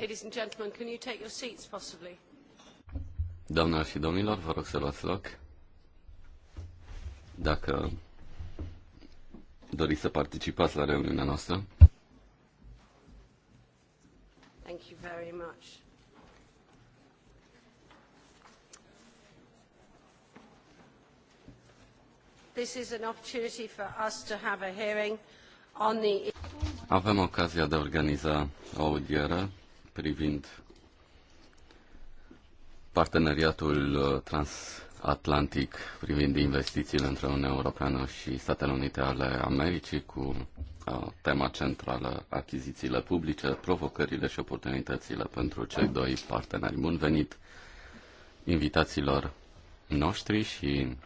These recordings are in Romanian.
Ladies Doamnelor și domnilor, vă rog să luați loc. Dacă doriți să participați la reuniunea noastră. Thank you very much. This is an opportunity for us to have a hearing on the... Avem ocazia de a organiza o audiere privind parteneriatul uh, transatlantic privind investițiile între Uniunea Europeană și Statele Unite ale Americii cu uh, tema centrală achizițiile publice, provocările și oportunitățile pentru cei doi parteneri. Bun venit invitațiilor noștri și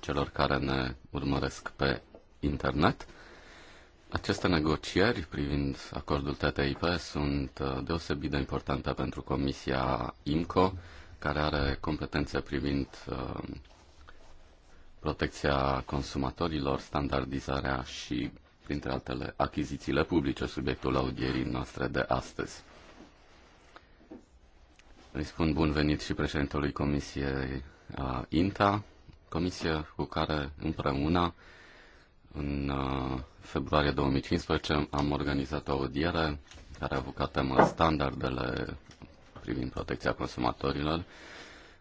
celor care ne urmăresc pe internet. Aceste negocieri privind acordul TTIP sunt uh, deosebit de importante pentru Comisia IMCO, care are competențe privind uh, protecția consumatorilor, standardizarea și, printre altele, achizițiile publice, subiectul audierii noastre de astăzi. Îi spun bun venit și președintelui Comisiei uh, INTA, comisie cu care împreună în uh, februarie 2015 am organizat o audiere care a avut ca temă standardele privind protecția consumatorilor,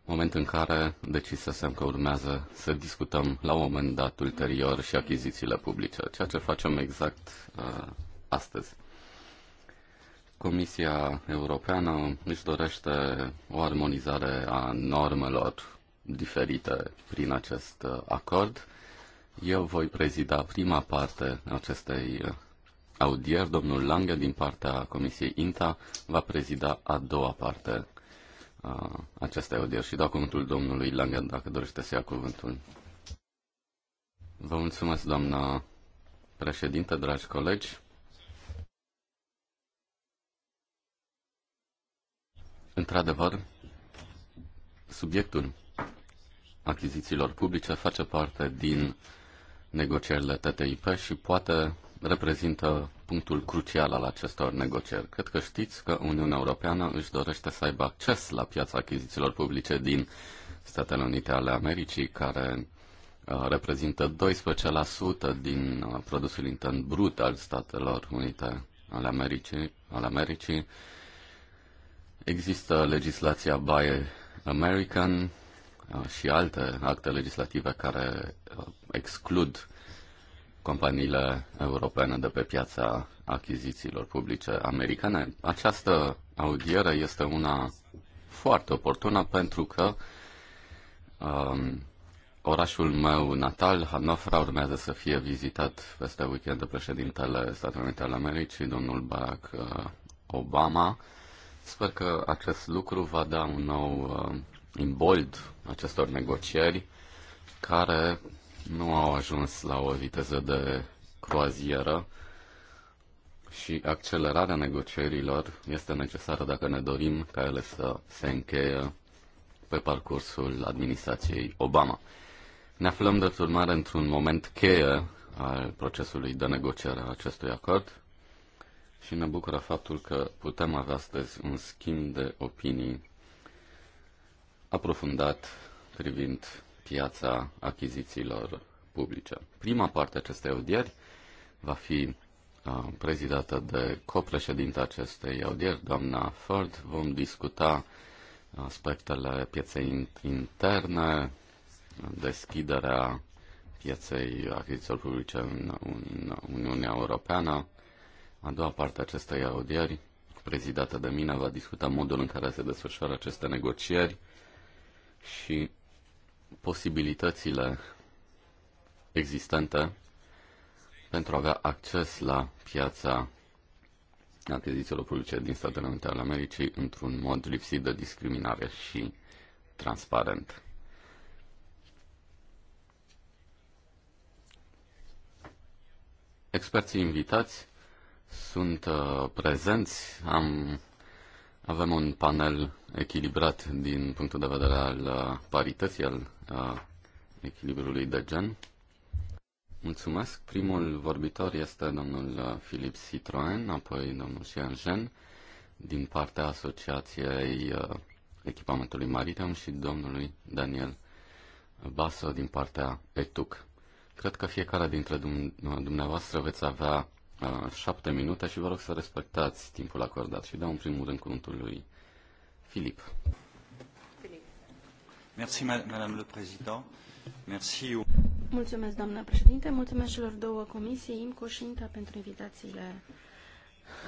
moment în care decisesem că urmează să discutăm la un moment dat ulterior și achizițiile publice, ceea ce facem exact uh, astăzi. Comisia Europeană își dorește o armonizare a normelor diferite prin acest uh, acord eu voi prezida prima parte a acestei uh, audieri. Domnul Lange, din partea Comisiei INTA, va prezida a doua parte a uh, acestei audieri și dau cuvântul domnului Lange, dacă dorește să ia cuvântul. Vă mulțumesc, doamna președinte, dragi colegi. Într-adevăr, subiectul achizițiilor publice face parte din negocierile TTIP și poate reprezintă punctul crucial al acestor negocieri. Cred că știți că Uniunea Europeană își dorește să aibă acces la piața achizițiilor publice din Statele Unite ale Americii, care uh, reprezintă 12% din uh, produsul intern brut al Statelor Unite ale Americii. Al Americii. Există legislația Buy American, și alte acte legislative care uh, exclud companiile europene de pe piața achizițiilor publice americane. Această audiere este una foarte oportună pentru că um, orașul meu natal, Hanofra, urmează să fie vizitat peste weekend de președintele Statelor Unite ale Americii, domnul Barack uh, Obama. Sper că acest lucru va da un nou uh, în bold acestor negocieri care nu au ajuns la o viteză de croazieră și accelerarea negocierilor este necesară dacă ne dorim ca ele să se încheie pe parcursul administrației Obama. Ne aflăm, de urmare, într-un moment cheie al procesului de negociere a acestui acord și ne bucură faptul că putem avea astăzi un schimb de opinii aprofundat privind piața achizițiilor publice. Prima parte a acestei audieri va fi prezidată de copreședinta acestei audieri, doamna Ford. Vom discuta aspectele pieței interne, deschiderea pieței achizițiilor publice în, Uniunea Europeană. A doua parte a acestei audieri, prezidată de mine, va discuta modul în care se desfășoară aceste negocieri, și posibilitățile existente pentru a avea acces la piața achizițiilor publice din Statele Unite ale Americii într-un mod lipsit de discriminare și transparent. Experții invitați sunt uh, prezenți, am avem un panel echilibrat din punctul de vedere al uh, parității, al a, uh, echilibrului de gen. Mulțumesc. Primul vorbitor este domnul uh, Filip Citroen, apoi domnul Sian Jen, din partea Asociației Echipamentului Maritim și domnului Daniel Baso din partea ETUC. Cred că fiecare dintre dumneavoastră veți avea șapte minute și vă rog să respectați timpul acordat și dau în primul rând cuvântul lui Filip. Merci, Madame le Président. Merci. Mulțumesc, doamna președinte. Mulțumesc celor două comisii, IMCO și INTA, pentru invitațiile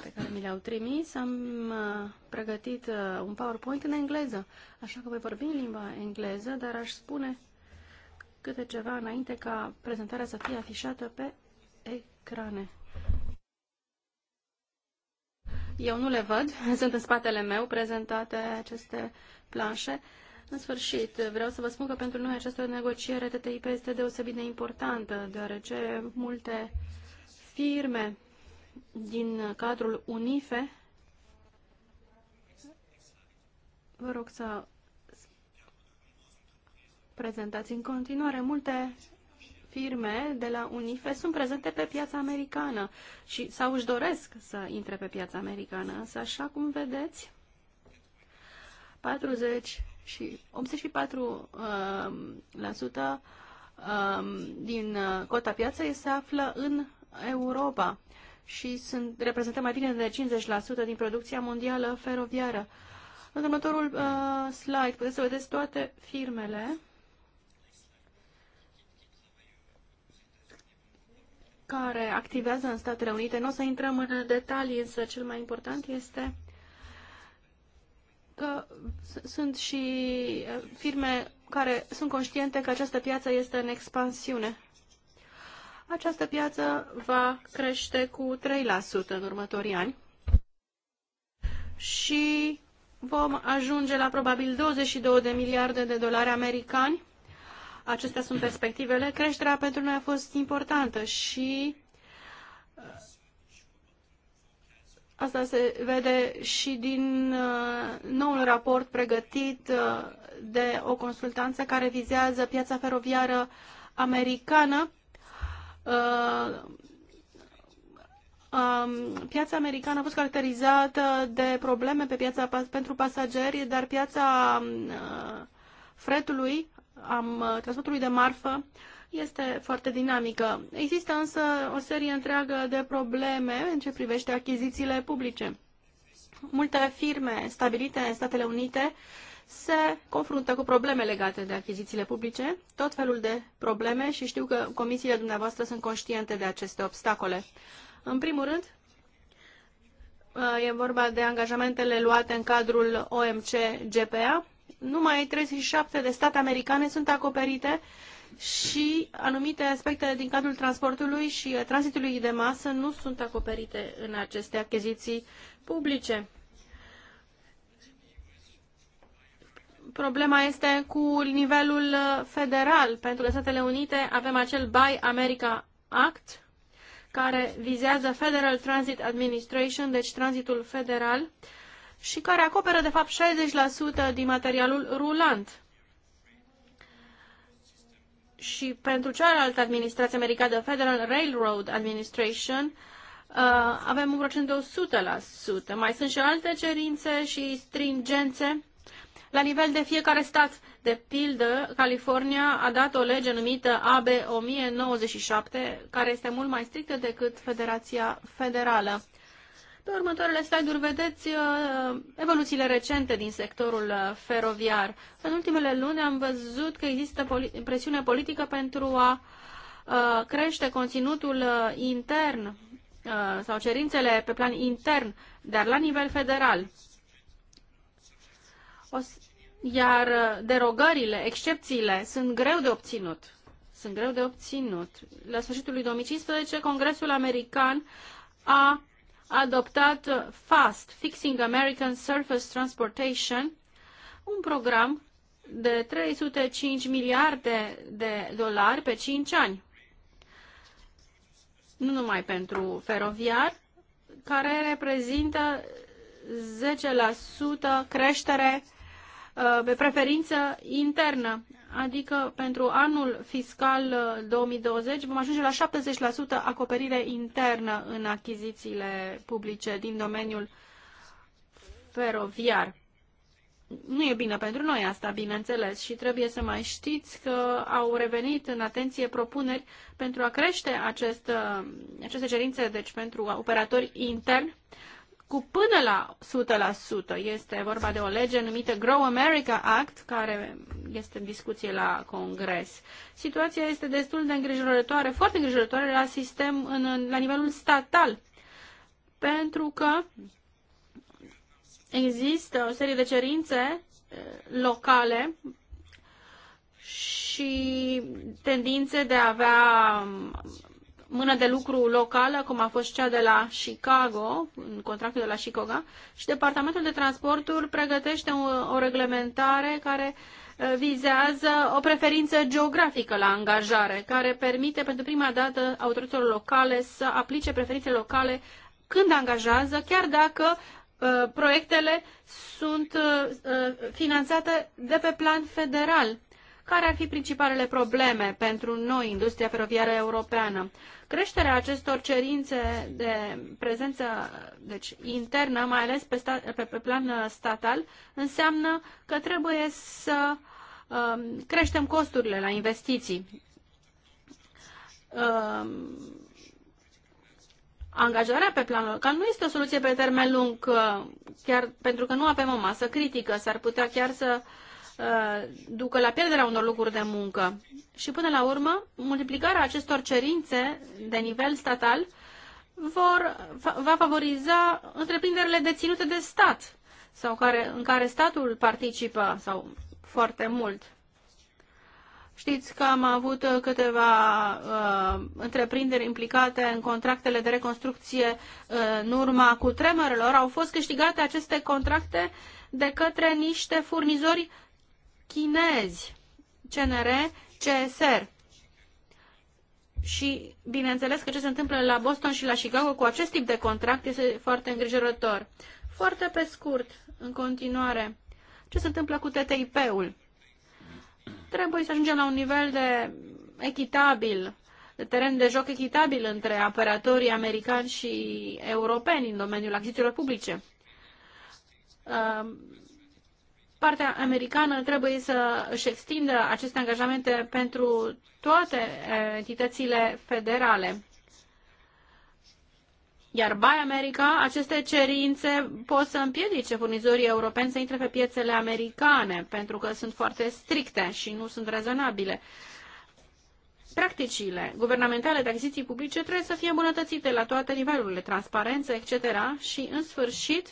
pe care mi le-au trimis. Am uh, pregătit uh, un PowerPoint în engleză, așa că voi vorbi în limba engleză, dar aș spune câte ceva înainte ca prezentarea să fie afișată pe ecrane. Eu nu le văd, sunt în spatele meu prezentate aceste planșe. În sfârșit, vreau să vă spun că pentru noi această negociere TTIP este deosebit de importantă, deoarece multe firme din cadrul UNIFE, vă rog să prezentați în continuare, multe firme de la UNIFE sunt prezente pe piața americană și, sau își doresc să intre pe piața americană. Însă, așa cum vedeți, 40 și 84% uh, um, la sută, um, din uh, cota piaței se află în Europa și sunt, reprezintă mai bine de 50% din producția mondială feroviară. În următorul uh, slide puteți să vedeți toate firmele care activează în Statele Unite. Nu o să intrăm în detalii, însă cel mai important este că sunt și uh, firme care sunt conștiente că această piață este în expansiune. Această piață va crește cu 3% în următorii ani și vom ajunge la probabil 22 de miliarde de dolari americani Acestea sunt perspectivele. Creșterea pentru noi a fost importantă și uh, asta se vede și din uh, noul raport pregătit uh, de o consultanță care vizează piața feroviară americană. Um, piața americană a fost caracterizată de probleme pe piața pentru pasageri, dar piața fretului am uh, transportului de marfă este foarte dinamică. Există însă o serie întreagă de probleme în ce privește achizițiile publice. Multe firme stabilite în Statele Unite se confruntă cu probleme legate de achizițiile publice, tot felul de probleme și știu că comisiile dumneavoastră sunt conștiente de aceste obstacole. În primul rând, uh, e vorba de angajamentele luate în cadrul OMC-GPA, numai 37 de state americane sunt acoperite și anumite aspecte din cadrul transportului și tranzitului de masă nu sunt acoperite în aceste achiziții publice. Problema este cu nivelul federal. Pentru Statele Unite avem acel Buy America Act care vizează Federal Transit Administration, deci tranzitul federal. Uh, și care acoperă, de fapt, 60% din materialul rulant. Și pentru cealaltă administrație americană, Federal Railroad Administration, uh, avem un procent de 100%. Mai sunt și alte cerințe și stringențe la nivel de fiecare stat. De pildă, California a dat o lege numită AB 1097, care este mult mai strictă decât Federația Federală. Pe următoarele slide-uri vedeți uh, evoluțiile recente din sectorul uh, feroviar. În ultimele luni am văzut că există presiune politică pentru a uh, crește conținutul intern sau cerințele pe plan intern, dar la nivel federal. O, iar derogările, excepțiile, sunt greu de obținut. Sunt greu de obținut. La sfârșitul lui 2015, Congresul American a adoptat FAST, Fixing American Surface Transportation, un program de 305 miliarde de dolari pe 5 ani. Nu numai pentru feroviar, care reprezintă 10% creștere uh, pe preferință internă adică pentru anul fiscal 2020 uh, vom ajunge la 70% acoperire internă în achizițiile publice din domeniul feroviar. Nu e bine pentru noi asta, bineînțeles, și trebuie să mai știți că au revenit în atenție propuneri pentru a crește acest, uh, aceste cerințe, deci pentru operatori interni, cu până la 100%. Este vorba de o lege numită Grow America Act, care este în discuție la Congres. Situația este destul de îngrijorătoare, foarte îngrijorătoare la sistem, în, la nivelul statal, pentru că există o serie de cerințe eh, locale și tendințe de a avea mână de lucru locală, cum a fost cea de la Chicago, în contractul de la Chicago, și Departamentul de Transporturi pregătește o, o reglementare care uh, vizează o preferință geografică la angajare, care permite pentru prima dată autorităților locale să aplice preferințe locale când angajează, chiar dacă uh, proiectele sunt uh, uh finanțate de pe plan federal. Care ar fi principalele probleme pentru noi, industria feroviară europeană? Creșterea acestor cerințe de prezență deci, internă, mai ales pe, sta, pe, pe plan uh, statal, înseamnă că trebuie să um, creștem costurile la investiții. Um, angajarea pe plan local nu este o soluție pe termen lung, uh, chiar pentru că nu avem o masă critică, s-ar putea chiar să uh, Uh, ducă la pierderea unor lucruri de muncă. Și până la urmă, multiplicarea acestor cerințe de nivel statal vor, va favoriza întreprinderile deținute de stat sau care, în care statul participă sau foarte mult. Știți că am avut câteva uh, întreprinderi implicate în contractele de reconstrucție uh, în urma cu Au fost câștigate aceste contracte de către niște furnizori chinezi, CNR, CSR. Și bineînțeles că ce se întâmplă la Boston și la Chicago cu acest tip de contract este foarte îngrijorător. Foarte pe scurt, în continuare, ce se întâmplă cu TTIP-ul? Trebuie să ajungem la un nivel de echitabil, de teren de joc echitabil între operatorii americani și europeni în domeniul achizițiilor publice. Partea americană trebuie să își extindă aceste angajamente pentru toate entitățile federale. Iar Buy America, aceste cerințe pot să împiedice furnizorii europeni să intre pe piețele americane, pentru că sunt foarte stricte și nu sunt rezonabile. Practicile guvernamentale de achiziții publice trebuie să fie îmbunătățite la toate nivelurile, transparență, etc. Și, în sfârșit,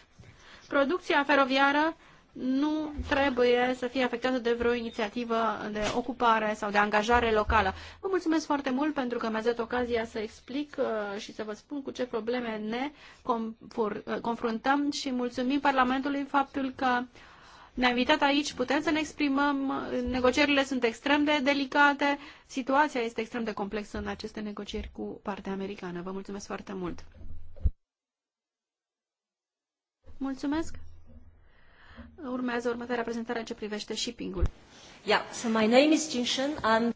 producția feroviară nu trebuie să fie afectată de vreo inițiativă de ocupare sau de angajare locală. Vă mulțumesc foarte mult pentru că mi-ați dat ocazia să explic uh, și să vă spun cu ce probleme ne uh, confruntăm și mulțumim Parlamentului faptul că ne-a invitat aici, putem să ne exprimăm, negocierile sunt extrem de delicate, situația este extrem de complexă în aceste negocieri cu partea americană. Vă mulțumesc foarte mult! Mulțumesc! Urmează următoarea prezentare în ce privește shipping-ul. Yeah, so my name is Jing Shen. I'm...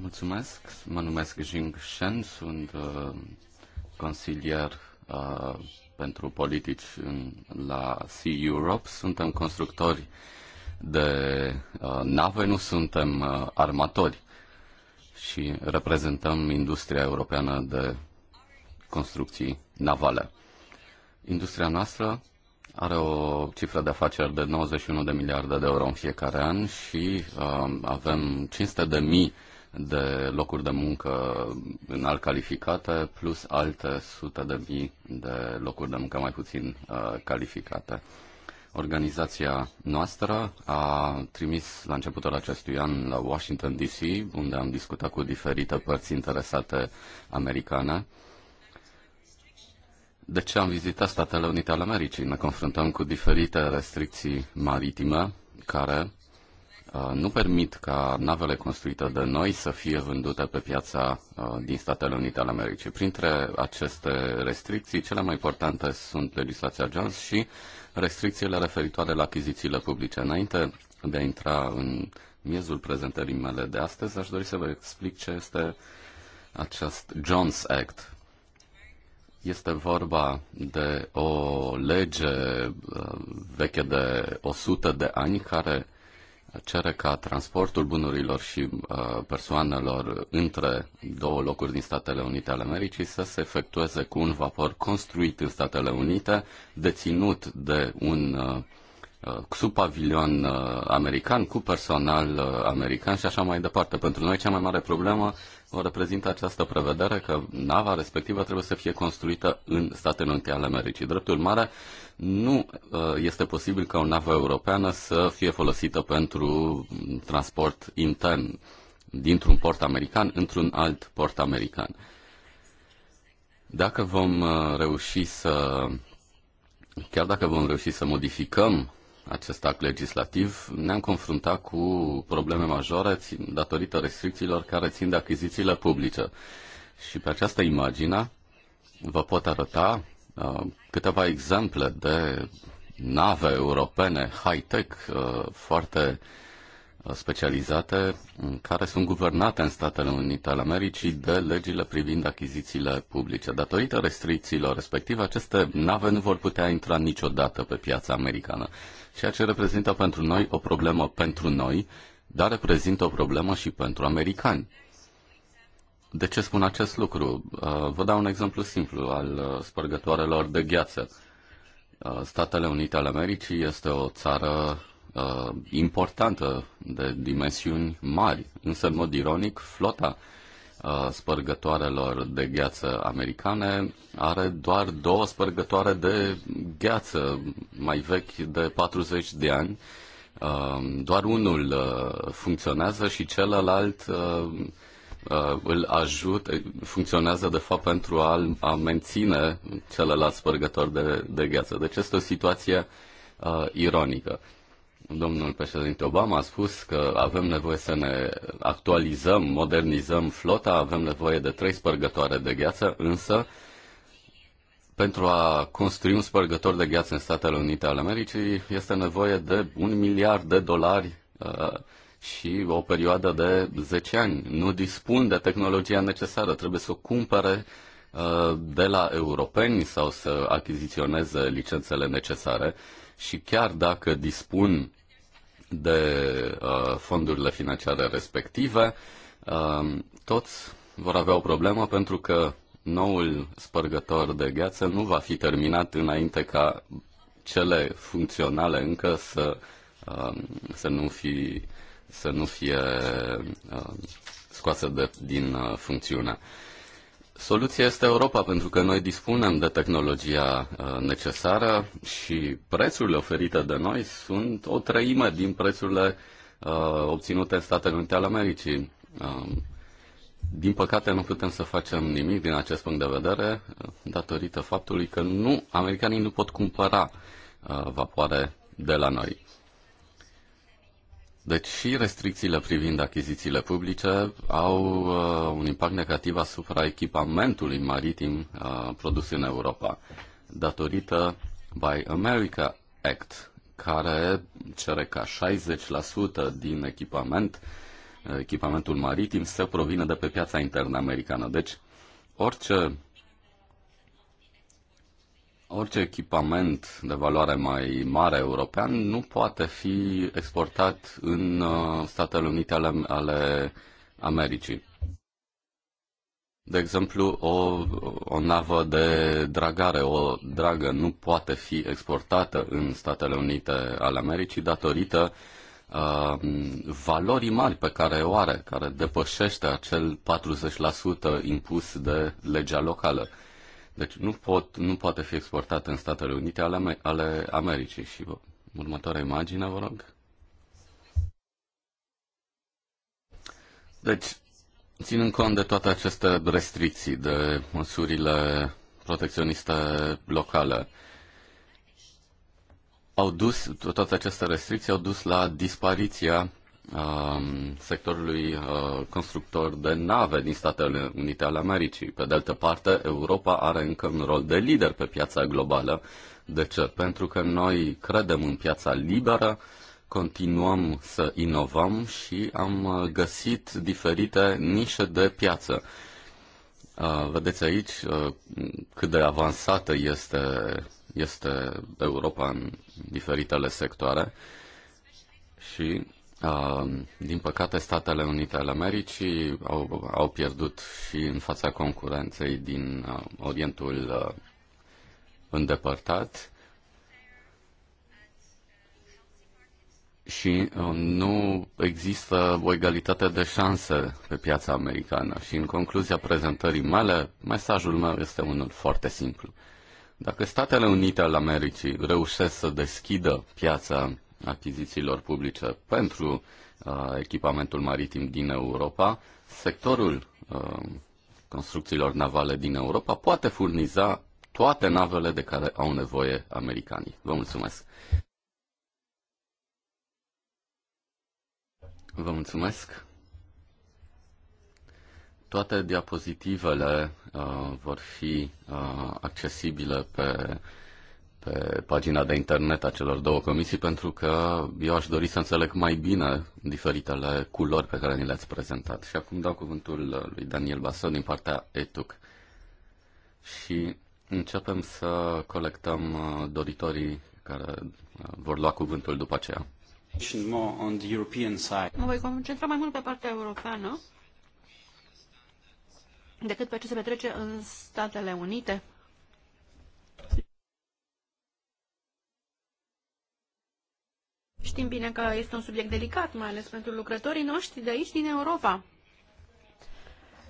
Mulțumesc, mă numesc Jing Shen, sunt uh, consilier uh, pentru politici în, la Sea Europe. Suntem constructori de uh, nave, nu suntem uh, armatori și reprezentăm industria europeană de construcții navale. Industria noastră are o cifră de afaceri de 91 de miliarde de euro în fiecare an și uh, avem 500 de mii de locuri de muncă înalt calificate, plus alte sute de mii de locuri de muncă mai puțin uh, calificate. Organizația noastră a trimis la începutul acestui an la Washington DC, unde am discutat cu diferite părți interesate americane, de ce am vizitat Statele Unite ale Americii. Ne confruntăm cu diferite restricții maritime care uh, nu permit ca navele construite de noi să fie vândute pe piața uh, din Statele Unite ale Americii. Printre aceste restricții, cele mai importante sunt legislația Jones și restricțiile referitoare la achizițiile publice. Înainte de a intra în miezul prezentării mele de astăzi, aș dori să vă explic ce este acest Jones Act este vorba de o lege uh, veche de 100 de ani care cere ca transportul bunurilor și uh, persoanelor între două locuri din Statele Unite ale Americii să se efectueze cu un vapor construit în Statele Unite, deținut de un uh, sub pavilion american, cu personal american și așa mai departe. Pentru noi cea mai mare problemă o reprezintă această prevedere că nava respectivă trebuie să fie construită în Statele Unite ale Americii. Dreptul mare nu uh, este posibil ca o navă europeană să fie folosită pentru transport intern dintr-un port american într-un alt port american. Dacă vom uh, reuși să chiar dacă vom reuși să modificăm acest act legislativ, ne-am confruntat cu probleme majore datorită restricțiilor care țin de achizițiile publice. Și pe această imagine vă pot arăta uh, câteva exemple de nave europene high-tech uh, foarte uh, specializate care sunt guvernate în Statele Unite ale Americii de legile privind achizițiile publice. Datorită restricțiilor respective, aceste nave nu vor putea intra niciodată pe piața americană ceea ce reprezintă pentru noi o problemă pentru noi, dar reprezintă o problemă și pentru americani. De ce spun acest lucru? Uh, vă dau un exemplu simplu al uh, spărgătoarelor de gheață. Uh, Statele Unite ale Americii este o țară importantă de dimensiuni mari, însă, în mod ironic, flota Uh, spărgătoarelor de gheață americane are doar două spărgătoare de gheață mai vechi de 40 de ani. Uh, doar unul uh, funcționează și celălalt îl ajut, funcționează de fapt pentru a, a menține celălalt spărgător de, de gheață. Deci este o situație ironică domnul președinte Obama a spus că avem nevoie să ne actualizăm, modernizăm flota, avem nevoie de trei spărgătoare de gheață, însă pentru a construi un spărgător de gheață în Statele Unite ale Americii este nevoie de un miliard de dolari uh, și o perioadă de 10 ani. Nu dispun de tehnologia necesară, trebuie să o cumpere uh, de la europeni sau să achiziționeze licențele necesare și chiar dacă dispun de uh, fondurile financiare respective, uh, toți vor avea o problemă pentru că noul spărgător de gheață nu va fi terminat înainte ca cele funcționale încă să, uh, să, nu, fi, să nu fie uh, scoase de, din uh, funcțiune. Uh, Soluția este Europa, pentru că noi dispunem de tehnologia uh, necesară și prețurile oferite de noi sunt o treime din prețurile uh, obținute în Statele Unite ale Americii. Um, din păcate nu putem să facem nimic din acest punct de vedere uh, datorită faptului că nu, americanii nu pot cumpăra vapoare de la noi. Deci și restricțiile privind achizițiile publice au uh, un impact negativ asupra echipamentului maritim uh, produs în Europa, datorită Buy America Act, care cere ca 60% din echipament, uh, echipamentul maritim să provină de pe piața internă americană. Deci, orice orice echipament de valoare mai mare european nu poate fi exportat în uh, Statele Unite ale, ale Americii. De exemplu, o, o navă de dragare, o dragă, nu poate fi exportată în Statele Unite ale Americii datorită uh, valorii mari pe care o are, care depășește acel 40% impus de legea locală. Uh, deci nu, pot, nu poate fi exportat în Statele Unite ale, ale Americii. Și următoarea imagine, vă rog. Deci, ținând cont de toate aceste restricții, de măsurile protecționiste locale, au dus, toate aceste restricții au dus la dispariția Um, sectorului uh, constructor de nave din Statele Unite ale Americii. Pe de altă parte, Europa are încă un rol de lider pe piața globală. De ce? Pentru că noi credem în piața liberă, continuăm să inovăm și am uh, găsit diferite nișe de piață. Uh, vedeți aici cât de avansată este, este Europa în diferitele sectoare și din păcate, Statele Unite ale Americii au, au pierdut și în fața concurenței din uh, Orientul uh, îndepărtat și uh, nu există o egalitate de șanse pe piața americană. Și în concluzia prezentării mele, mesajul meu este unul foarte simplu. Dacă Statele Unite ale Americii reușesc să deschidă piața achizițiilor publice pentru uh, echipamentul maritim din Europa, sectorul uh, construcțiilor navale din Europa poate furniza toate navele de care au nevoie americanii. Vă mulțumesc! Vă mulțumesc! Toate diapozitivele uh, vor fi uh, accesibile pe pe pagina de internet a celor două comisii, pentru că eu aș dori să înțeleg mai bine diferitele culori pe care ni le-ați prezentat. Și acum dau cuvântul lui Daniel Basson din partea ETUC. Și începem să colectăm uh, doritorii care uh, vor lua cuvântul după aceea. Mă voi concentra mai mult pe partea europeană decât pe ce se petrece în Statele Unite. Știm bine că este un subiect delicat, mai ales pentru lucrătorii noștri de aici, din Europa.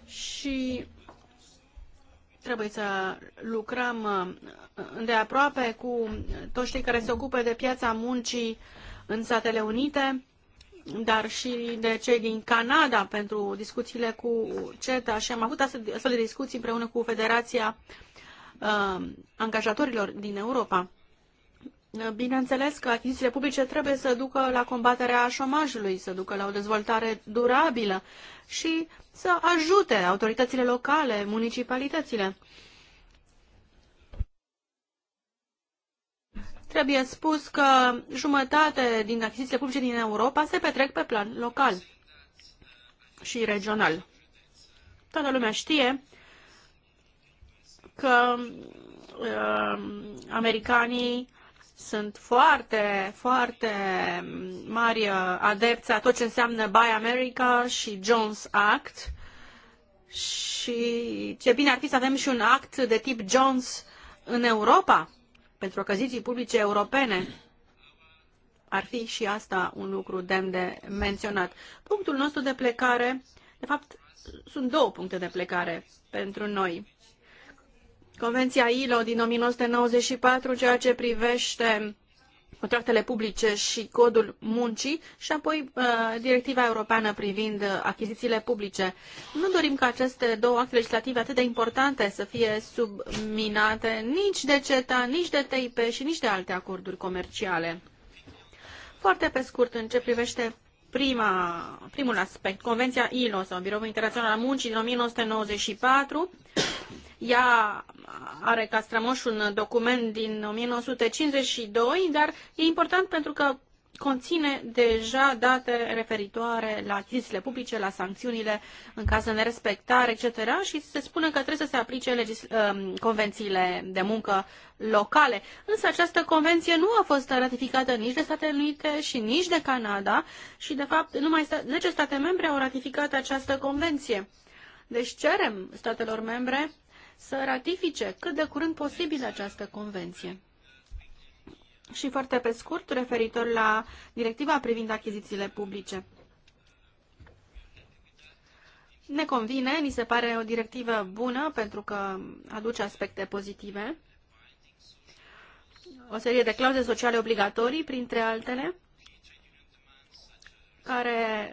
Și trebuie să lucrăm uh, de aproape cu toți cei care se ocupă de piața muncii în Statele Unite, dar și de cei din Canada pentru discuțiile cu CETA și am avut astfel de discuții împreună cu Federația uh, Angajatorilor din Europa. Bineînțeles că achizițiile publice trebuie să ducă la combaterea șomajului, să ducă la o dezvoltare durabilă și să ajute autoritățile locale, municipalitățile. Trebuie spus că jumătate din achizițiile publice din Europa se petrec pe plan local și regional. Toată lumea știe că uh, americanii sunt foarte, foarte mari uh, adepți a tot ce înseamnă Buy America și Jones Act și ce bine ar fi să avem și un act de tip Jones în Europa pentru ocazii publice europene. Ar fi și asta un lucru demn de menționat. Punctul nostru de plecare, de fapt, sunt două puncte de plecare pentru noi. Convenția ILO din 1994 în ceea ce privește contractele publice și codul muncii și apoi uh, directiva europeană privind achizițiile publice. Nu dorim ca aceste două acte legislative atât de importante să fie subminate nici de CETA, nici de TIP și nici de alte acorduri comerciale. Foarte pe scurt, în ce privește prima, primul aspect, Convenția ILO sau Biroul Internațional al Muncii din 1994, ea are ca strămoș un document din 1952, dar e important pentru că conține deja date referitoare la achizițiile publice, la sancțiunile în caz de nerespectare, etc. și se spune că trebuie să se aplice um, convențiile de muncă locale. Însă această convenție nu a fost ratificată nici de Statele Unite și nici de Canada și, de fapt, numai 10 state membre au ratificat această convenție. Deci cerem statelor membre să ratifice cât de curând posibil această convenție. Și foarte pe scurt, referitor la directiva privind achizițiile publice. Ne convine, ni se pare o directivă bună pentru că aduce aspecte pozitive, o serie de clauze sociale obligatorii, printre altele, care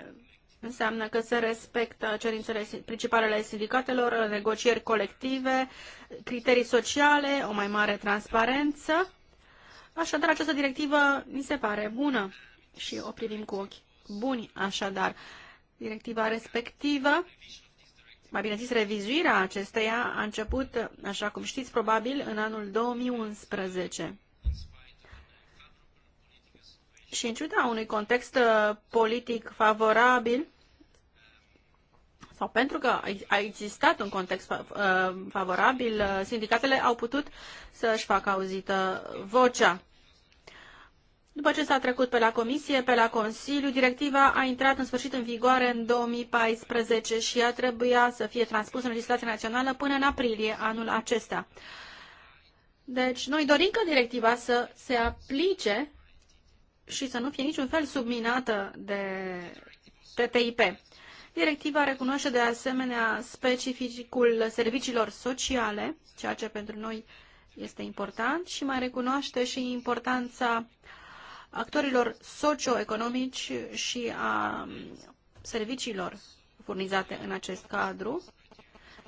Înseamnă că se respectă cerințele principale ale sindicatelor, negocieri colective, criterii sociale, o mai mare transparență. Așadar, această directivă mi se pare bună și o privim cu ochi buni, așadar. Directiva respectivă, mai bine zis, revizuirea acesteia a început, așa cum știți, probabil în anul 2011. Și în ciuda unui context uh, politic favorabil, sau pentru că a existat un context uh, favorabil, uh, sindicatele au putut să-și facă auzită vocea. După ce s-a trecut pe la Comisie, pe la Consiliu, directiva a intrat în sfârșit în vigoare în 2014 și ea trebuia să fie transpusă în legislația națională până în aprilie anul acesta. Deci, noi dorim ca directiva să se aplice și să nu fie niciun fel subminată de TTIP. Directiva recunoaște de asemenea specificul serviciilor sociale, ceea ce pentru noi este important, și mai recunoaște și importanța actorilor socioeconomici și a um, serviciilor furnizate în acest cadru.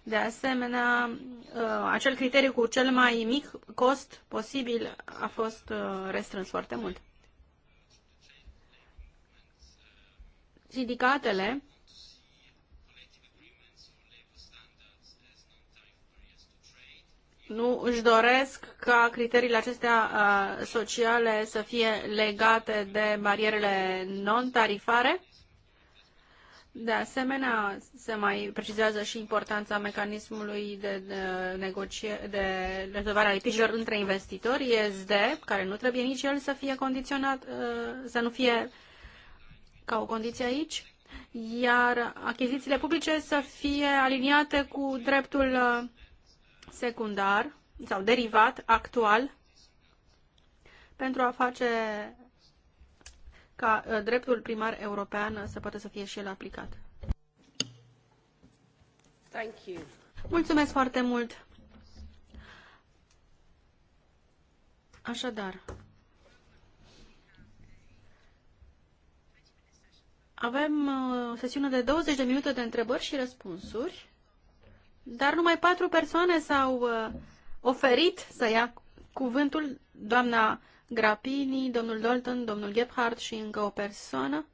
De asemenea, uh, acel criteriu cu cel mai mic cost posibil a fost uh, restrâns foarte mult. sindicatele nu își doresc ca criteriile acestea uh, sociale să fie legate de barierele non-tarifare. De asemenea, se mai precizează și importanța mecanismului de, de, de rezolvare a litigilor între investitori, ESD, care nu trebuie nici el să fie condiționat, uh, să nu fie ca o condiție aici, iar achizițiile publice să fie aliniate cu dreptul uh, secundar sau derivat actual pentru a face ca uh, dreptul primar european să poată să fie și el aplicat. Thank you. Mulțumesc foarte mult! Așadar, Avem o uh, sesiune de 20 de minute de întrebări și răspunsuri, dar numai patru persoane s-au uh, oferit să ia cuvântul, doamna Grapini, domnul Dalton, domnul Gebhardt și încă o persoană.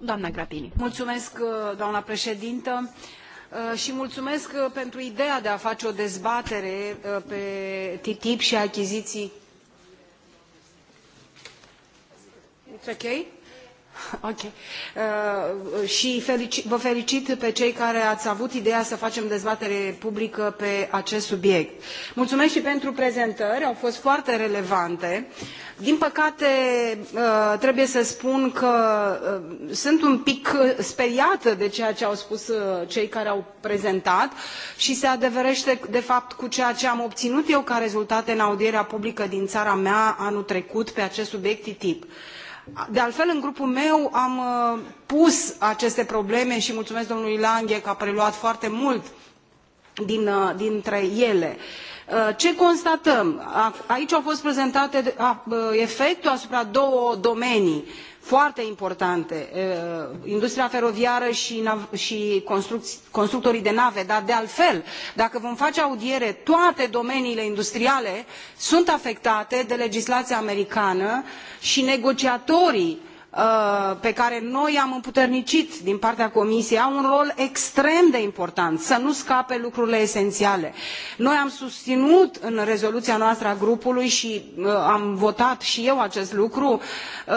Doamna Grapini. Mulțumesc, uh, doamna președintă. Uh, și mulțumesc uh, pentru ideea de a face o dezbatere uh, pe TTIP și achiziții. It's okay? Ok. Uh, și felici, vă felicit pe cei care ați avut ideea să facem dezbatere publică pe acest subiect. Mulțumesc și pentru prezentări, au fost foarte relevante. Din păcate, uh, trebuie să spun că uh, sunt un pic speriată de ceea ce au spus uh, cei care au prezentat și se adeverește, de fapt, cu ceea ce am obținut eu ca rezultate în audierea publică din țara mea anul trecut pe acest subiect TTIP de altfel în grupul meu am uh, pus aceste probleme și mulțumesc domnului lange că a preluat foarte mult uh, dintre ele. Uh, ce constatăm? aici a fost prezentat efectul asupra două domenii foarte importante uh, industria feroviară și, constructorii de nave dar de altfel dacă vom face audiere toate domeniile industriale sunt afectate de legislația americană și negociatorii Uh, pe care noi am împuternicit din partea comisiei au un rol extrem de important să nu scape lucrurile esențiale. noi am susținut în rezoluția noastră a grupului și uh, am votat și eu acest lucru uh,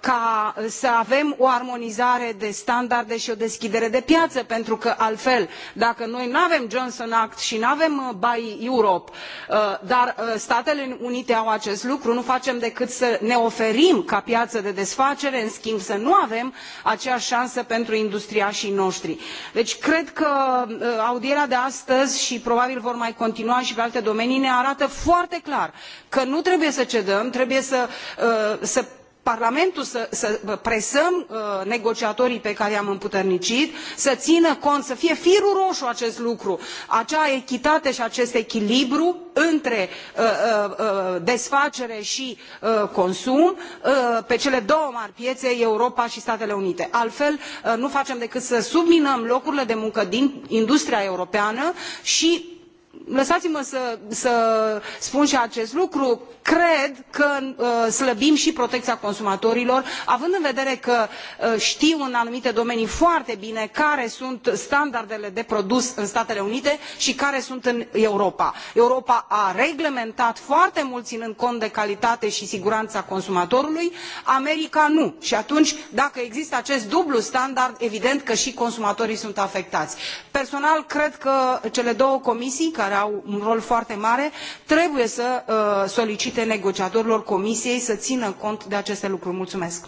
ca să avem o armonizare de standarde și o deschidere de piață pentru că altfel dacă noi nu avem johnson act și nu avem buy europe dar statele unite au acest lucru nu facem decât să ne oferim ca piață de desfacere cere în schimb să nu avem aceeași șansă pentru industriașii noștri. deci cred că uh, audierea de astăzi și probabil vor mai continua și pe alte domenii ne arată foarte clar că nu trebuie să cedăm trebuie să, uh, să parlamentul să, presăm uh, negociatorii pe care i am împuternicit să țină cont să fie firul roșu acest lucru acea echitate și acest echilibru între uh, uh, desfacere și consum pe cele două mari piețe europa și statele unite altfel nu facem decât să subminăm locurile de muncă din industria europeană și lăsați-mă să, spun și acest lucru cred că uh, slăbim și protecția consumatorilor având în vedere că uh, știu în anumite domenii foarte bine care sunt standardele de produs în statele unite și care sunt în europa. europa a reglementat foarte mult ținând cont de calitate și siguranța consumatorului america nu și atunci dacă există acest dublu standard evident că și consumatorii sunt afectați. personal cred că cele două comisii care care au un rol foarte mare trebuie să uh, solicite negociatorilor comisiei să țină cont de aceste lucruri. mulțumesc.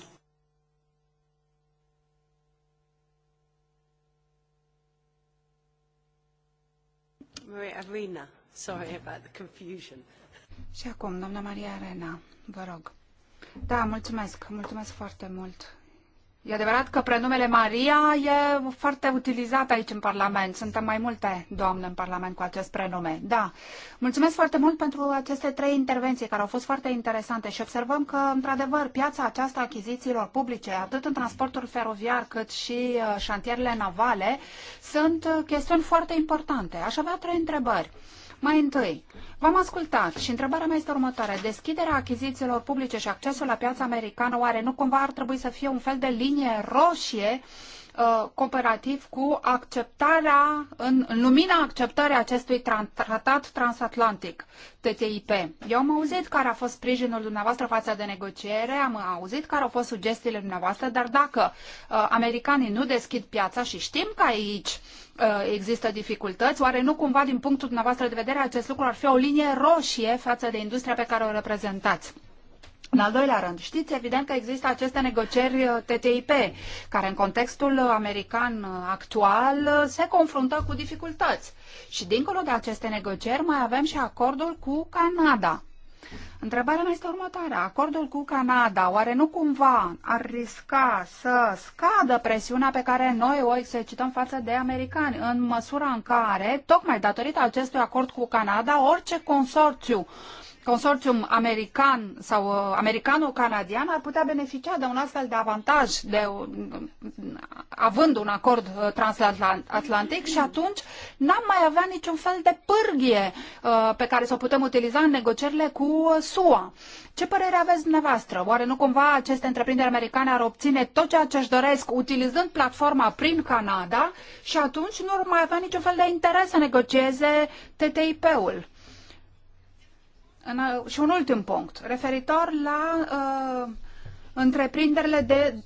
Arena. Sorry about the confusion. Și acum, doamna Maria Arena, vă rog. Da, mulțumesc, mulțumesc foarte mult, E adevărat că prenumele Maria e foarte utilizat aici în Parlament. Suntem mai multe doamne în Parlament cu acest prenume. Da. Mulțumesc foarte mult pentru aceste trei intervenții care au fost foarte interesante și observăm că, într-adevăr, piața aceasta achizițiilor publice, atât în transportul feroviar cât și uh, șantierele navale, sunt uh, chestiuni foarte importante. Aș avea trei întrebări. Mai întâi, v-am ascultat și întrebarea mea este următoarea. Deschiderea achizițiilor publice și accesul la piața americană oare nu cumva ar trebui să fie un fel de linie roșie uh, Uh, comparativ cu acceptarea, în, în lumina acceptării acestui tratat transatlantic, TTIP. Eu am auzit care a fost sprijinul dumneavoastră față de negociere, am auzit care au fost sugestiile dumneavoastră, dar dacă uh, americanii nu deschid piața și știm că aici uh, există dificultăți, oare nu cumva din punctul dumneavoastră de vedere acest lucru ar fi o linie roșie față de industria pe care o reprezentați? În al doilea rând, știți evident că există aceste negocieri uh, TTIP, care în contextul american uh, actual uh, se confruntă cu dificultăți. Și dincolo de aceste negocieri mai avem și acordul cu Canada. Întrebarea mea este următoarea. Acordul cu Canada, oare nu cumva ar risca să scadă presiunea pe care noi o exercităm față de americani, în măsura în care, tocmai datorită acestui acord cu Canada, orice consorțiu consorțium american sau uh, americano-canadian ar putea beneficia de un astfel de avantaj, de, având un acord uh, transatlantic și atunci n-am mai avea niciun fel de pârghie uh, pe care să o putem utiliza în negocierile cu SUA. Ce părere aveți dumneavoastră? Oare nu cumva aceste întreprinderi americane ar obține tot ceea ce își doresc utilizând platforma prin Canada și atunci nu ar mai avea niciun fel de interes să negocieze TTIP-ul? În, și un ultim punct, referitor la uh, întreprinderile de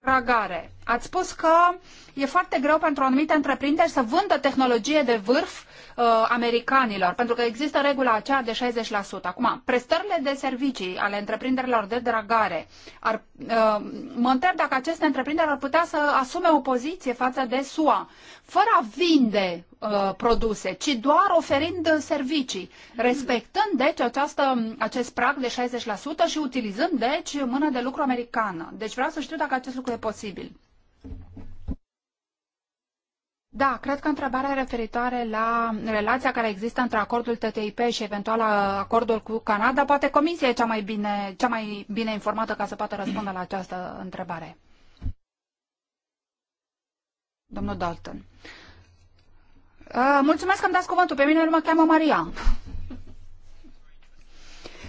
dragare. Ați spus că e foarte greu pentru anumite întreprinderi să vândă tehnologie de vârf uh, americanilor, pentru că există regula aceea de 60%. Acum, prestările de servicii ale întreprinderilor de dragare, ar, uh, mă întreb dacă aceste întreprinderi ar putea să asume o poziție față de SUA, fără a vinde uh, produse, ci doar oferind servicii, respectând deci această, acest prag de 60% și utilizând deci mână de lucru americană. Deci vreau să știu dacă acest lucru e posibil. Da, cred că întrebarea referitoare la relația care există între acordul TTIP și eventual acordul cu Canada, poate comisia e cea mai bine, cea mai bine informată ca să poată răspunde la această întrebare. Domnul Dalton. Uh, mulțumesc că îmi dați cuvântul. Pe mine mă cheamă Maria.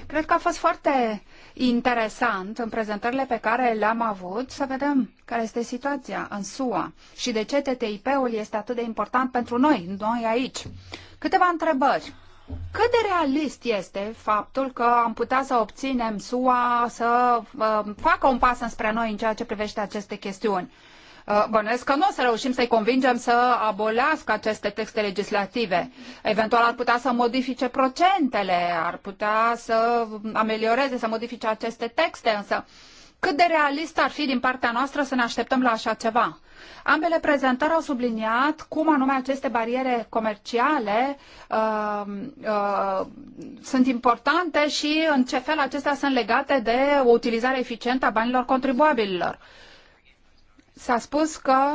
Cred că a fost foarte interesant în prezentările pe care le-am avut să vedem care este situația în SUA și de ce TTIP-ul este atât de important pentru noi, noi aici. Câteva întrebări. Cât de realist este faptul că am putea să obținem SUA să uh, facă un pas înspre noi în ceea ce privește aceste chestiuni? Uh, bănuiesc că nu o să reușim să-i convingem să abolească aceste texte legislative. Eventual ar putea să modifice procentele, ar putea să amelioreze, să modifice aceste texte, însă cât de realist ar fi din partea noastră să ne așteptăm la așa ceva? Ambele prezentări au subliniat cum anume aceste bariere comerciale uh, uh, sunt importante și în ce fel acestea sunt legate de o utilizare eficientă a banilor contribuabililor. Uh, S-a spus că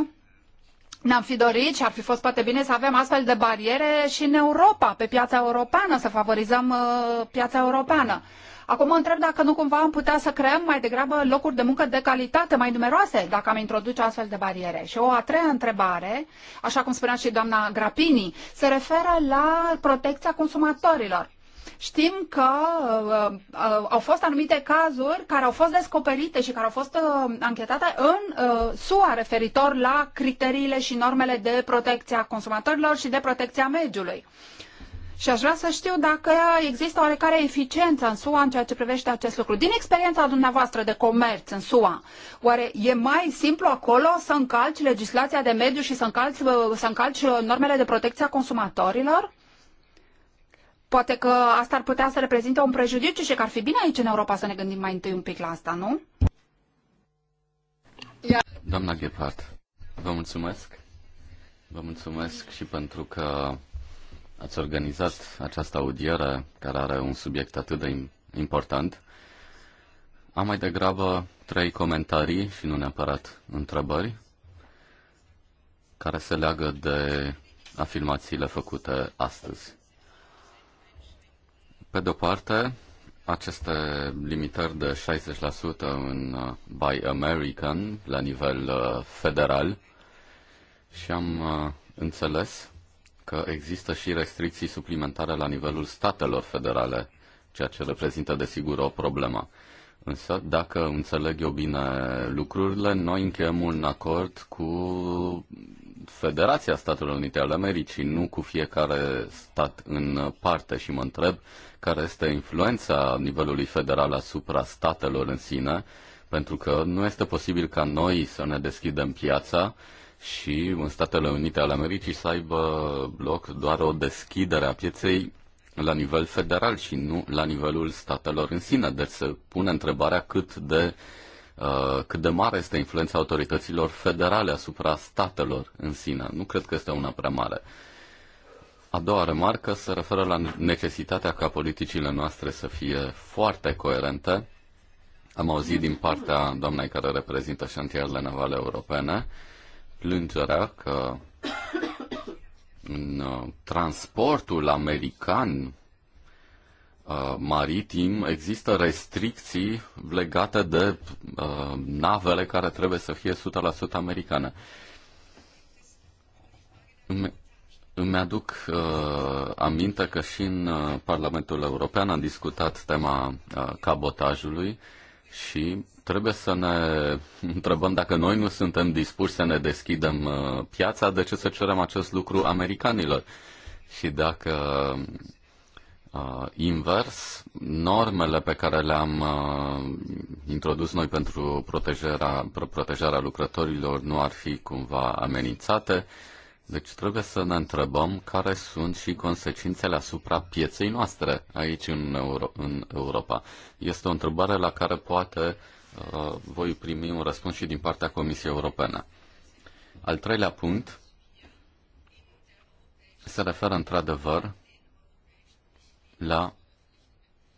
ne-am fi dorit și ar fi fost poate bine să avem astfel de bariere și în Europa, pe piața europeană, să favorizăm uh, piața europeană. Acum mă întreb dacă nu cumva am putea să creăm mai degrabă locuri de muncă de calitate mai numeroase dacă am introduce astfel de bariere. Și o a treia întrebare, așa cum spunea și doamna Grapini, se referă la protecția consumatorilor. Știm că uh, uh, au fost anumite cazuri care au fost descoperite și care au fost uh, anchetate în uh, SUA referitor la criteriile și normele de protecție a consumatorilor și de protecție a mediului. Și aș vrea să știu dacă există oarecare eficiență în SUA în ceea ce privește acest lucru. Din experiența dumneavoastră de comerț în SUA, oare e mai simplu acolo să încalci legislația de mediu și să încalci, uh, să încalci uh, normele de protecție a consumatorilor? Poate că asta ar putea să reprezinte un prejudiciu și că ar fi bine aici în Europa să ne gândim mai întâi un pic la asta, nu? Doamna Ghepat, vă mulțumesc. Vă mulțumesc și pentru că ați organizat această audiere care are un subiect atât de important. Am mai degrabă trei comentarii și nu neapărat întrebări care se leagă de afirmațiile făcute astăzi. Pe de-o parte, aceste limitări de 60% în uh, Buy American la nivel uh, federal și am uh, înțeles că există și restricții suplimentare la nivelul statelor federale, ceea ce reprezintă desigur o problemă. Însă, dacă înțeleg eu bine lucrurile, noi încheiem un acord cu Federația Statelor Unite ale Americii, nu cu fiecare stat în parte și mă întreb care este influența nivelului federal asupra statelor în sine, pentru că nu este posibil ca noi să ne deschidem piața și în Statele Unite ale Americii să aibă loc doar o deschidere a pieței la nivel federal și nu la nivelul statelor în sine. Deci se pune întrebarea cât de uh, Uh, cât de mare este influența autorităților federale asupra statelor în sine. Nu cred că este una prea mare. A doua remarcă se referă la necesitatea ca politicile noastre să fie foarte coerente. Am auzit din partea doamnei care reprezintă șantierele navale europene plângerea că în uh, transportul american Uh, maritim există restricții legate de uh, navele care trebuie să fie 100% americane. Îmi, îmi aduc uh, aminte că și în uh, Parlamentul European am discutat tema uh, cabotajului și trebuie să ne întrebăm dacă noi nu suntem dispuși să ne deschidem uh, piața, de ce să cerem acest lucru americanilor? Și dacă uh, invers, normele pe care le-am uh, introdus noi pentru protejarea, protejarea lucrătorilor nu ar fi cumva amenințate. Deci trebuie să ne întrebăm care sunt și consecințele asupra pieței noastre aici în, Euro- în Europa. Este o întrebare la care poate uh, voi primi un răspuns și din partea Comisiei Europene. Al treilea punct se referă într-adevăr la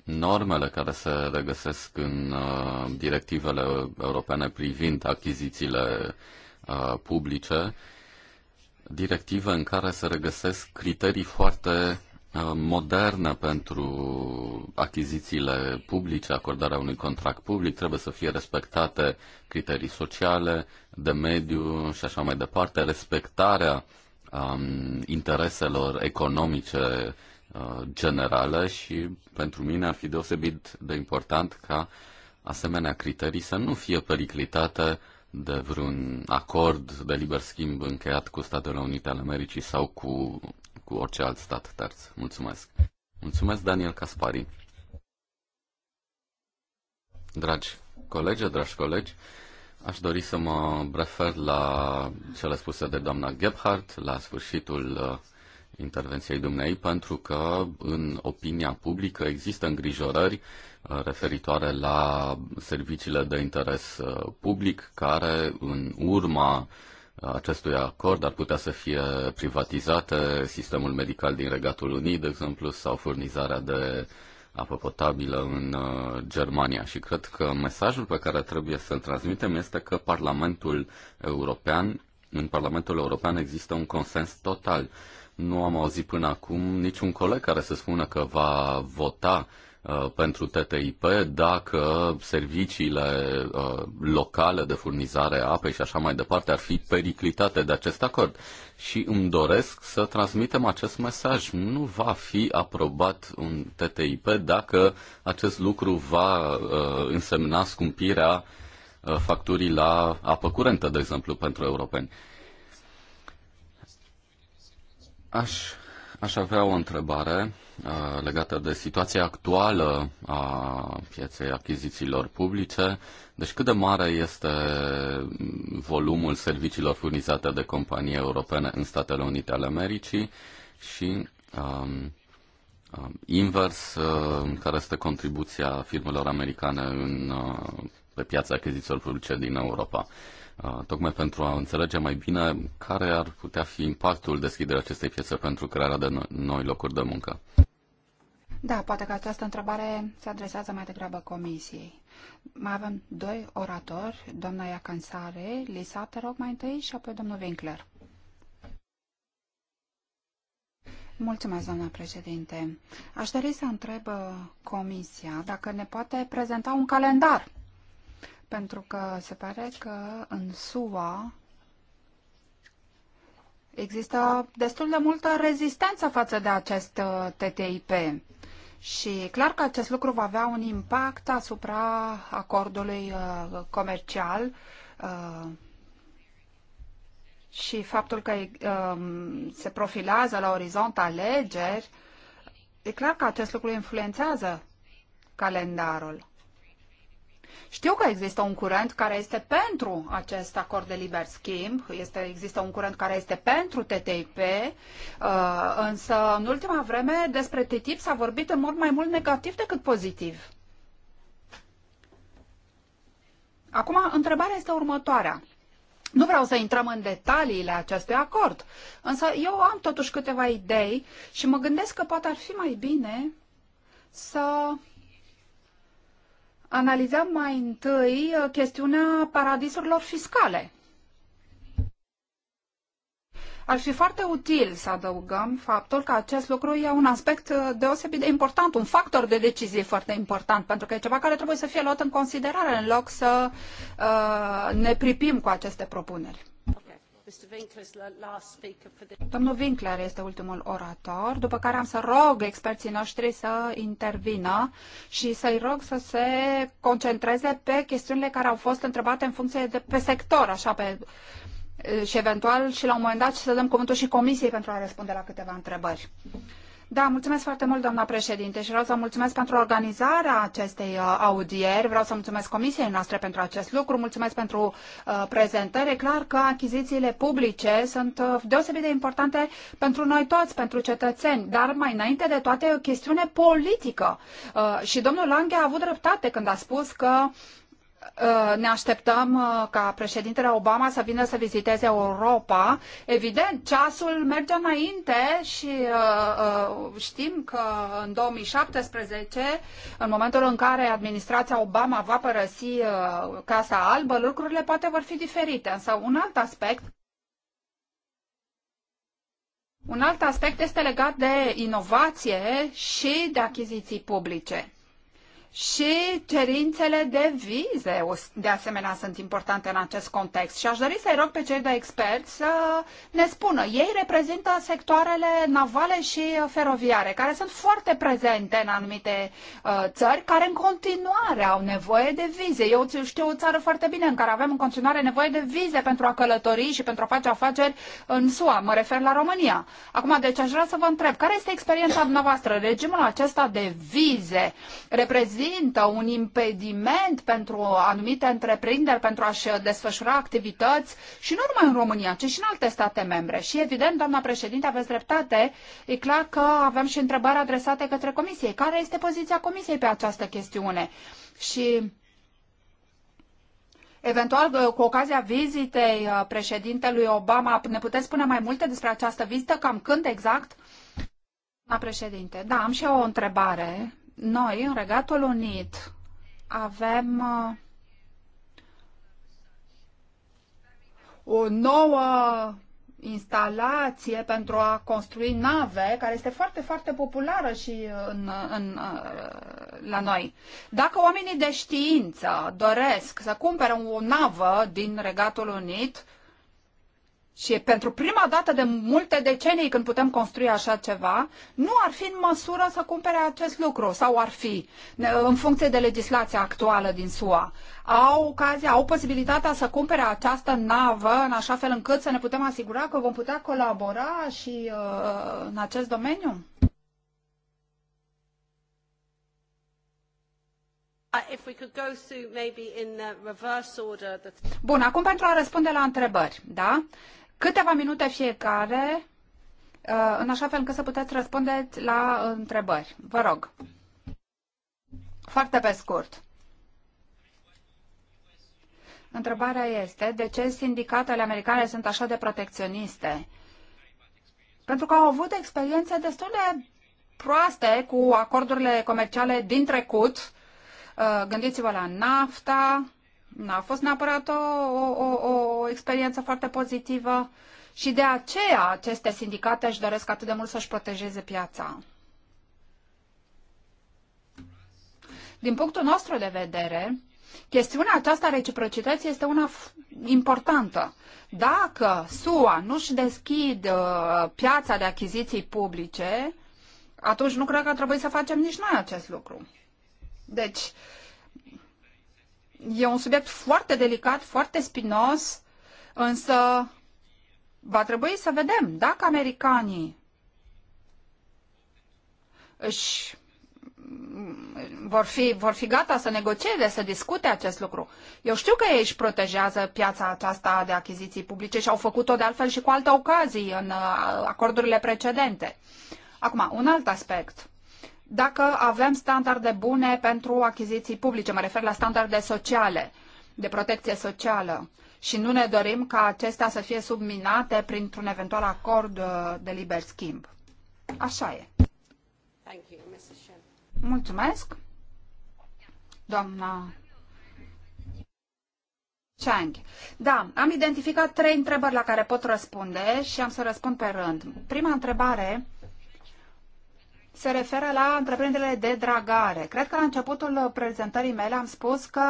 normele care se regăsesc în uh, directivele europene privind achizițiile uh, publice, directive în care se regăsesc criterii foarte modernă uh, moderne pentru achizițiile publice, acordarea unui contract public, trebuie să fie respectate criterii sociale, de mediu și așa mai departe, respectarea um, intereselor economice generală și pentru mine ar fi deosebit de important ca asemenea criterii să nu fie periclitate de vreun acord de liber schimb încheiat cu Statele Unite ale Americii sau cu, cu orice alt stat terț. Mulțumesc. Mulțumesc, Daniel Caspari. Dragi colegi, dragi colegi, aș dori să mă refer la cele spuse de doamna Gebhardt la sfârșitul uh, intervenției dumnei, pentru că în opinia publică există îngrijorări uh, referitoare la serviciile de interes uh, public care în urma uh, acestui acord ar putea să fie privatizate sistemul medical din Regatul Unit, de exemplu, sau furnizarea de apă potabilă în Germania. Și cred că mesajul pe care trebuie să-l transmitem este că Parlamentul European, în Parlamentul European există un consens total nu am auzit până acum niciun coleg care să spună că va vota uh, pentru TTIP dacă serviciile uh, locale de furnizare a apei și așa mai departe ar fi periclitate de acest acord. Și îmi doresc să transmitem acest mesaj. Nu va fi aprobat un TTIP dacă acest lucru va uh, însemna scumpirea facturii la apă curentă, de exemplu, pentru europeni. Aș, aș avea o întrebare uh, legată de situația actuală a pieței achizițiilor publice. Deci cât de mare este volumul serviciilor furnizate de companii europene în Statele Unite ale Americii și um, um, invers, uh, care este contribuția firmelor americane în, uh, pe piața achizițiilor publice din Europa. Uh, tocmai pentru a înțelege mai bine care ar putea fi impactul deschiderii acestei piețe pentru crearea de noi locuri de muncă. Da, poate că această întrebare se adresează mai degrabă comisiei. Mai avem doi oratori, doamna Iacansare, Lisa, te rog mai întâi, și apoi domnul Winkler. Mulțumesc, doamna președinte. Aș dori să întreb uh, comisia dacă ne poate prezenta un calendar pentru că se pare că în SUA există destul de multă rezistență față de acest uh, TTIP. Și clar că acest lucru va avea un impact asupra acordului uh, comercial uh, și faptul că se profilează la orizont alegeri, e clar că acest lucru influențează calendarul. Știu că există un curent care este pentru acest acord de liber schimb, este, există un curent care este pentru TTIP, uh, însă în ultima vreme despre TTIP s-a vorbit în mod mai mult negativ decât pozitiv. Acum, întrebarea este următoarea. Nu vreau să intrăm în detaliile acestui acord, însă eu am totuși câteva idei și mă gândesc că poate ar fi mai bine să analizăm mai întâi uh, chestiunea paradisurilor fiscale. Ar fi foarte util să adăugăm faptul că acest lucru e un aspect uh, deosebit de important, un factor de decizie foarte important, pentru că e ceva care trebuie să fie luat în considerare în loc să uh, ne pripim cu aceste propuneri. Domnul Winkler este ultimul orator, după care am să rog experții noștri să intervină și să-i rog să se concentreze pe chestiunile care au fost întrebate în funcție de pe sector, așa pe și eventual și la un moment dat să dăm cuvântul și comisiei pentru a răspunde la câteva întrebări. Da, mulțumesc foarte mult, doamna președinte, și vreau să mulțumesc pentru organizarea acestei uh, audieri, vreau să mulțumesc comisiei noastre pentru acest lucru, mulțumesc pentru uh, prezentări. prezentare. E clar că achizițiile publice sunt uh, deosebit de importante pentru noi toți, pentru cetățeni, dar mai înainte de toate e o chestiune politică. și domnul Lange a avut dreptate când a spus că Uh, ne așteptăm uh, ca președintele Obama să vină să viziteze Europa. Evident, ceasul merge înainte și uh, știm că în 2017, în momentul în care administrația Obama va părăsi Casa Albă, lucrurile poate vor fi diferite. Însă un alt aspect un alt aspect este legat de inovație și de achiziții publice și cerințele de vize, de asemenea, sunt importante în acest context. Și aș dori să-i rog pe cei de experți să ne spună. Ei reprezintă sectoarele navale și feroviare, care sunt foarte prezente în anumite uh, țări, care în continuare au nevoie de vize. Eu știu o țară foarte bine în care avem în continuare nevoie de vize pentru a călători și pentru a face afaceri în SUA. Mă refer la România. Acum, deci aș vrea să vă întreb, care este experiența dumneavoastră? Regimul acesta de vize reprezintă reprezintă un impediment pentru anumite întreprinderi pentru a-și desfășura activități și nu numai în România, ci și în alte state membre. Și evident, doamna președinte, aveți dreptate, e clar că avem și întrebări adresate către Comisie. Care este poziția Comisiei pe această chestiune? Și Eventual, cu ocazia vizitei uh, președintelui Obama, ne puteți spune mai multe despre această vizită? Cam când exact? Doamna președinte, da, am și eu o întrebare noi, în Regatul Unit, avem uh, o nouă instalație pentru a construi nave, care este foarte, foarte populară și uh, în, în, uh, la noi. Dacă oamenii de știință doresc să cumpere o navă din Regatul Unit, și e pentru prima dată de multe decenii când putem construi așa ceva, nu ar fi în măsură să cumpere acest lucru sau ar fi, în funcție de legislația actuală din SUA. Au ocazia, au posibilitatea să cumpere această navă în așa fel încât să ne putem asigura că vom putea colabora și uh, în acest domeniu? Uh, Bun, acum pentru a răspunde la întrebări, da? câteva minute fiecare, uh, în așa fel încât să puteți răspunde la întrebări. Vă rog. Foarte pe scurt. Întrebarea este de ce sindicatele americane sunt așa de protecționiste? Pentru că au avut experiențe destul de proaste cu acordurile comerciale din trecut. Uh, gândiți-vă la NAFTA, N-a fost neapărat o, o, o experiență foarte pozitivă și de aceea aceste sindicate își doresc atât de mult să-și protejeze piața. Din punctul nostru de vedere, chestiunea aceasta a reciprocității este una importantă. Dacă SUA nu-și deschid uh, piața de achiziții publice, atunci nu cred că trebuie să facem nici noi acest lucru. Deci, uh, E un subiect foarte delicat, foarte spinos, însă va trebui să vedem dacă americanii își vor fi, vor fi gata să negocieze, să discute acest lucru. Eu știu că ei își protejează piața aceasta de achiziții publice și au făcut-o de altfel și cu alte ocazii în uh, acordurile precedente. Acum, un alt aspect dacă avem standarde bune pentru achiziții publice, mă refer la standarde sociale, de protecție socială, și nu ne dorim ca acestea să fie subminate printr-un eventual acord uh, de liber schimb. Așa e. Mulțumesc. Doamna Chang. Da, am identificat trei întrebări la care pot răspunde și am să răspund pe rând. Prima întrebare se referă la întreprinderile de dragare. Cred că la începutul prezentării mele am spus că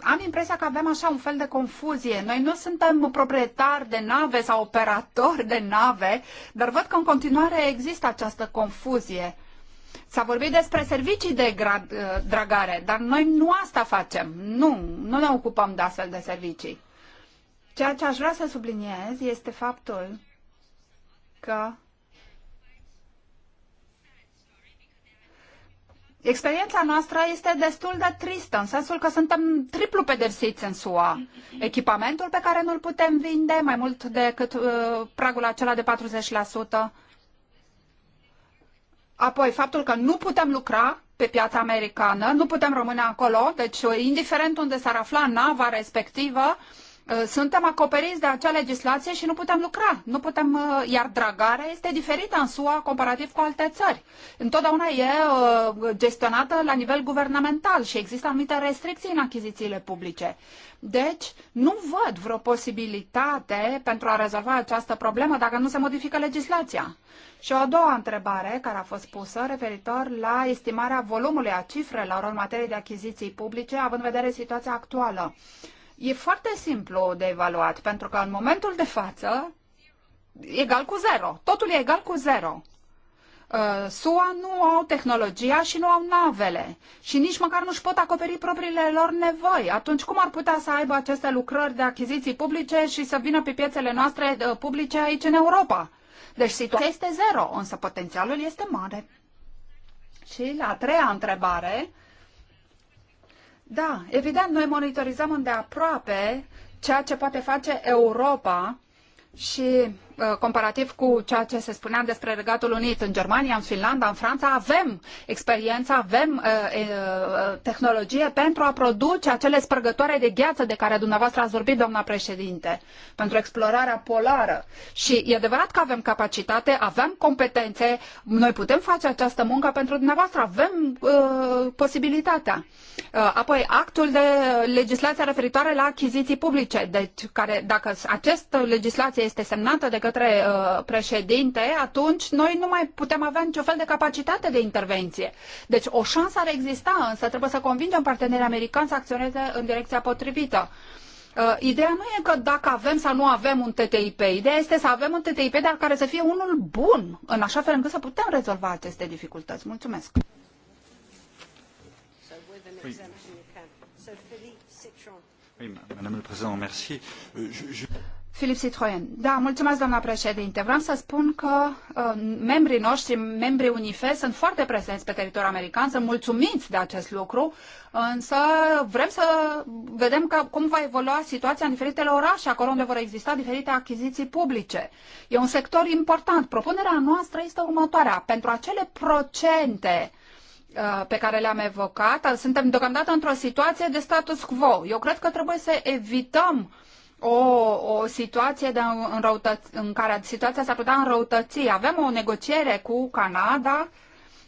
am impresia că avem așa un fel de confuzie. Noi nu suntem proprietari de nave sau operatori de nave, dar văd că în continuare există această confuzie. S-a vorbit despre servicii de uh, dragare, dar noi nu asta facem. Nu, nu ne ocupăm de astfel de servicii. Ceea ce aș vrea să subliniez este faptul că Experiența noastră este destul de tristă, în sensul că suntem triplu pedepsiți în SUA. Echipamentul pe care nu-l putem vinde, mai mult decât uh, pragul acela de 40%. Apoi, faptul că nu putem lucra pe piața americană, nu putem rămâne acolo, deci indiferent unde s-ar afla nava respectivă, uh, Uh, suntem acoperiți de acea legislație și nu putem lucra. Nu putem, uh, iar dragarea este diferită în SUA comparativ cu alte țări. Întotdeauna e uh, gestionată la nivel guvernamental și există anumite restricții în achizițiile publice. Deci, nu văd vreo posibilitate pentru a rezolva această problemă dacă nu se modifică legislația. Și o a doua întrebare care a fost pusă referitor la estimarea volumului a cifrelor în materie de achiziții publice, având în vedere situația actuală. E foarte simplu de evaluat, pentru că în momentul de față, egal cu zero. Totul e egal cu zero. Uh, SUA nu au tehnologia și nu au navele și nici măcar nu-și pot acoperi propriile lor nevoi. Atunci cum ar putea să aibă aceste lucrări de achiziții publice și să vină pe piețele noastre uh, publice aici în Europa? Deci situația este zero, însă potențialul este mare. Și la treia întrebare, da, evident, noi monitorizăm îndeaproape ceea ce poate face Europa și Uh, comparativ cu ceea ce se spunea despre Regatul Unit în Germania, în Finlanda, în Franța, avem experiență, avem uh, uh, tehnologie pentru a produce acele spărgătoare de gheață de care dumneavoastră ați vorbit, doamna președinte, pentru explorarea polară. Și e adevărat că avem capacitate, avem competențe, noi putem face această muncă pentru dumneavoastră, avem uh, posibilitatea. Uh, apoi, actul de legislație referitoare la achiziții publice, deci care, dacă această legislație este semnată de către uh, președinte, atunci noi nu mai putem avea niciun fel de capacitate de intervenție. Deci o șansă ar exista, însă trebuie să convingem partenerii americani să acționeze în direcția potrivită. Uh, ideea nu e că dacă avem sau nu avem un TTIP. Ideea este să avem un TTIP, dar care să fie unul bun, în așa fel încât să putem rezolva aceste dificultăți. Mulțumesc! Oui, Madame le Président, merci. Euh, je, je... Filip Citroen. Da, mulțumesc, doamna președinte. Vreau să spun că uh, membrii noștri, membrii UNIFE, sunt foarte prezenți pe teritoriul american, sunt mulțumiți de acest lucru, însă vrem să vedem că, cum va evolua situația în diferitele orașe, acolo unde vor exista diferite achiziții publice. E un sector important. Propunerea noastră este următoarea. Pentru acele procente uh, pe care le-am evocat, suntem deocamdată într-o situație de status quo. Eu cred că trebuie să evităm o, o situație de înrăutăț- în care situația s-ar putea înrăutăți. Avem o negociere cu Canada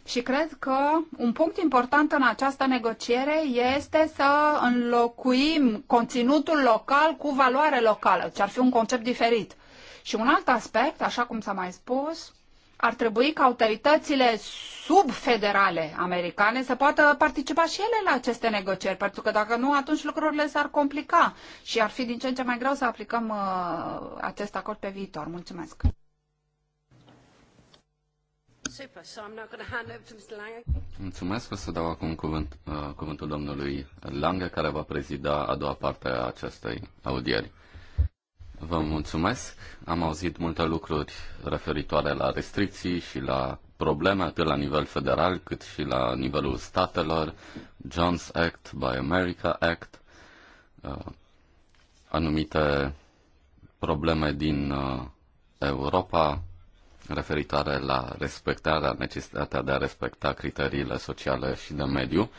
și cred că un punct important în această negociere este să înlocuim conținutul local cu valoare locală, ce ar fi un concept diferit. Și un alt aspect, așa cum s-a mai spus, ar trebui ca autoritățile subfederale americane să poată participa și ele la aceste negocieri, pentru că dacă nu, atunci lucrurile s-ar complica și ar fi din ce în ce mai greu să aplicăm uh, acest acord pe viitor. Mulțumesc! Super, so Mulțumesc, o să dau acum cuvânt, uh, cuvântul domnului Lange, care va prezida a doua parte a acestei audieri. Vă mulțumesc. Am auzit multe lucruri referitoare la restricții și la probleme, atât la nivel federal cât și la nivelul statelor, Jones Act, Buy America Act, uh, anumite probleme din uh, Europa referitoare la respectarea, necesitatea de a respecta criteriile sociale și de mediu.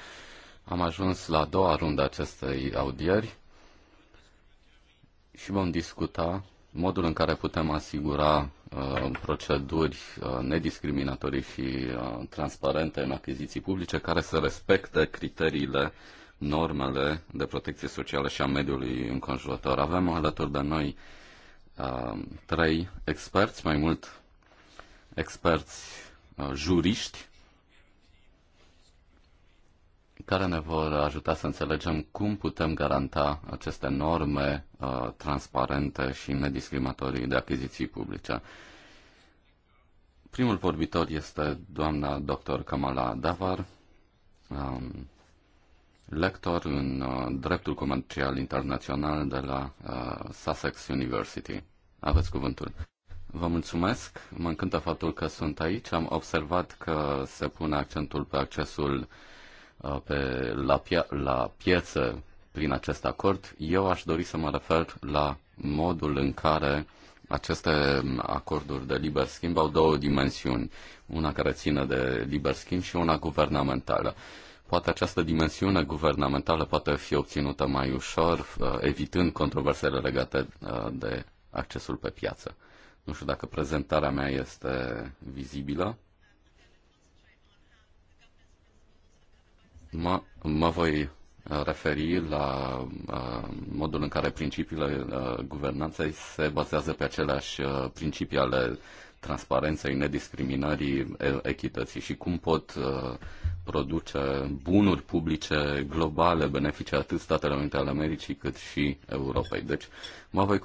Am ajuns la a doua rundă acestei audieri și vom discuta modul în care putem asigura uh, proceduri uh, nediscriminatorii și uh, transparente în achiziții publice care să respecte criteriile, normele de protecție socială și a mediului înconjurător. Avem alături de noi uh, trei experți, mai mult experți uh, juriști care ne vor ajuta să înțelegem cum putem garanta aceste norme uh, transparente și nediscriminatorii de achiziții publice. Primul vorbitor este doamna dr. Kamala Davar, um, lector în uh, dreptul comercial internațional de la uh, Sussex University. Aveți cuvântul. Vă mulțumesc. Mă încântă faptul că sunt aici. Am observat că se pune accentul pe accesul Uh, pe, la, pia- la piețe prin acest acord, eu aș dori să mă refer la modul în care aceste acorduri de liber schimb au două dimensiuni, una care ține de liber schimb și una guvernamentală. Poate această dimensiune guvernamentală poate fi obținută mai ușor, uh, evitând controversele legate uh, de accesul pe piață. Nu știu dacă prezentarea mea este vizibilă. Mă, mă voi uh, referi la uh, modul în care principiile uh, guvernanței se bazează pe aceleași uh, principii ale transparenței, nediscriminării, echității și cum pot uh, produce bunuri publice globale, benefice atât Statele Unite ale Americii cât și Europei. Deci mă voi,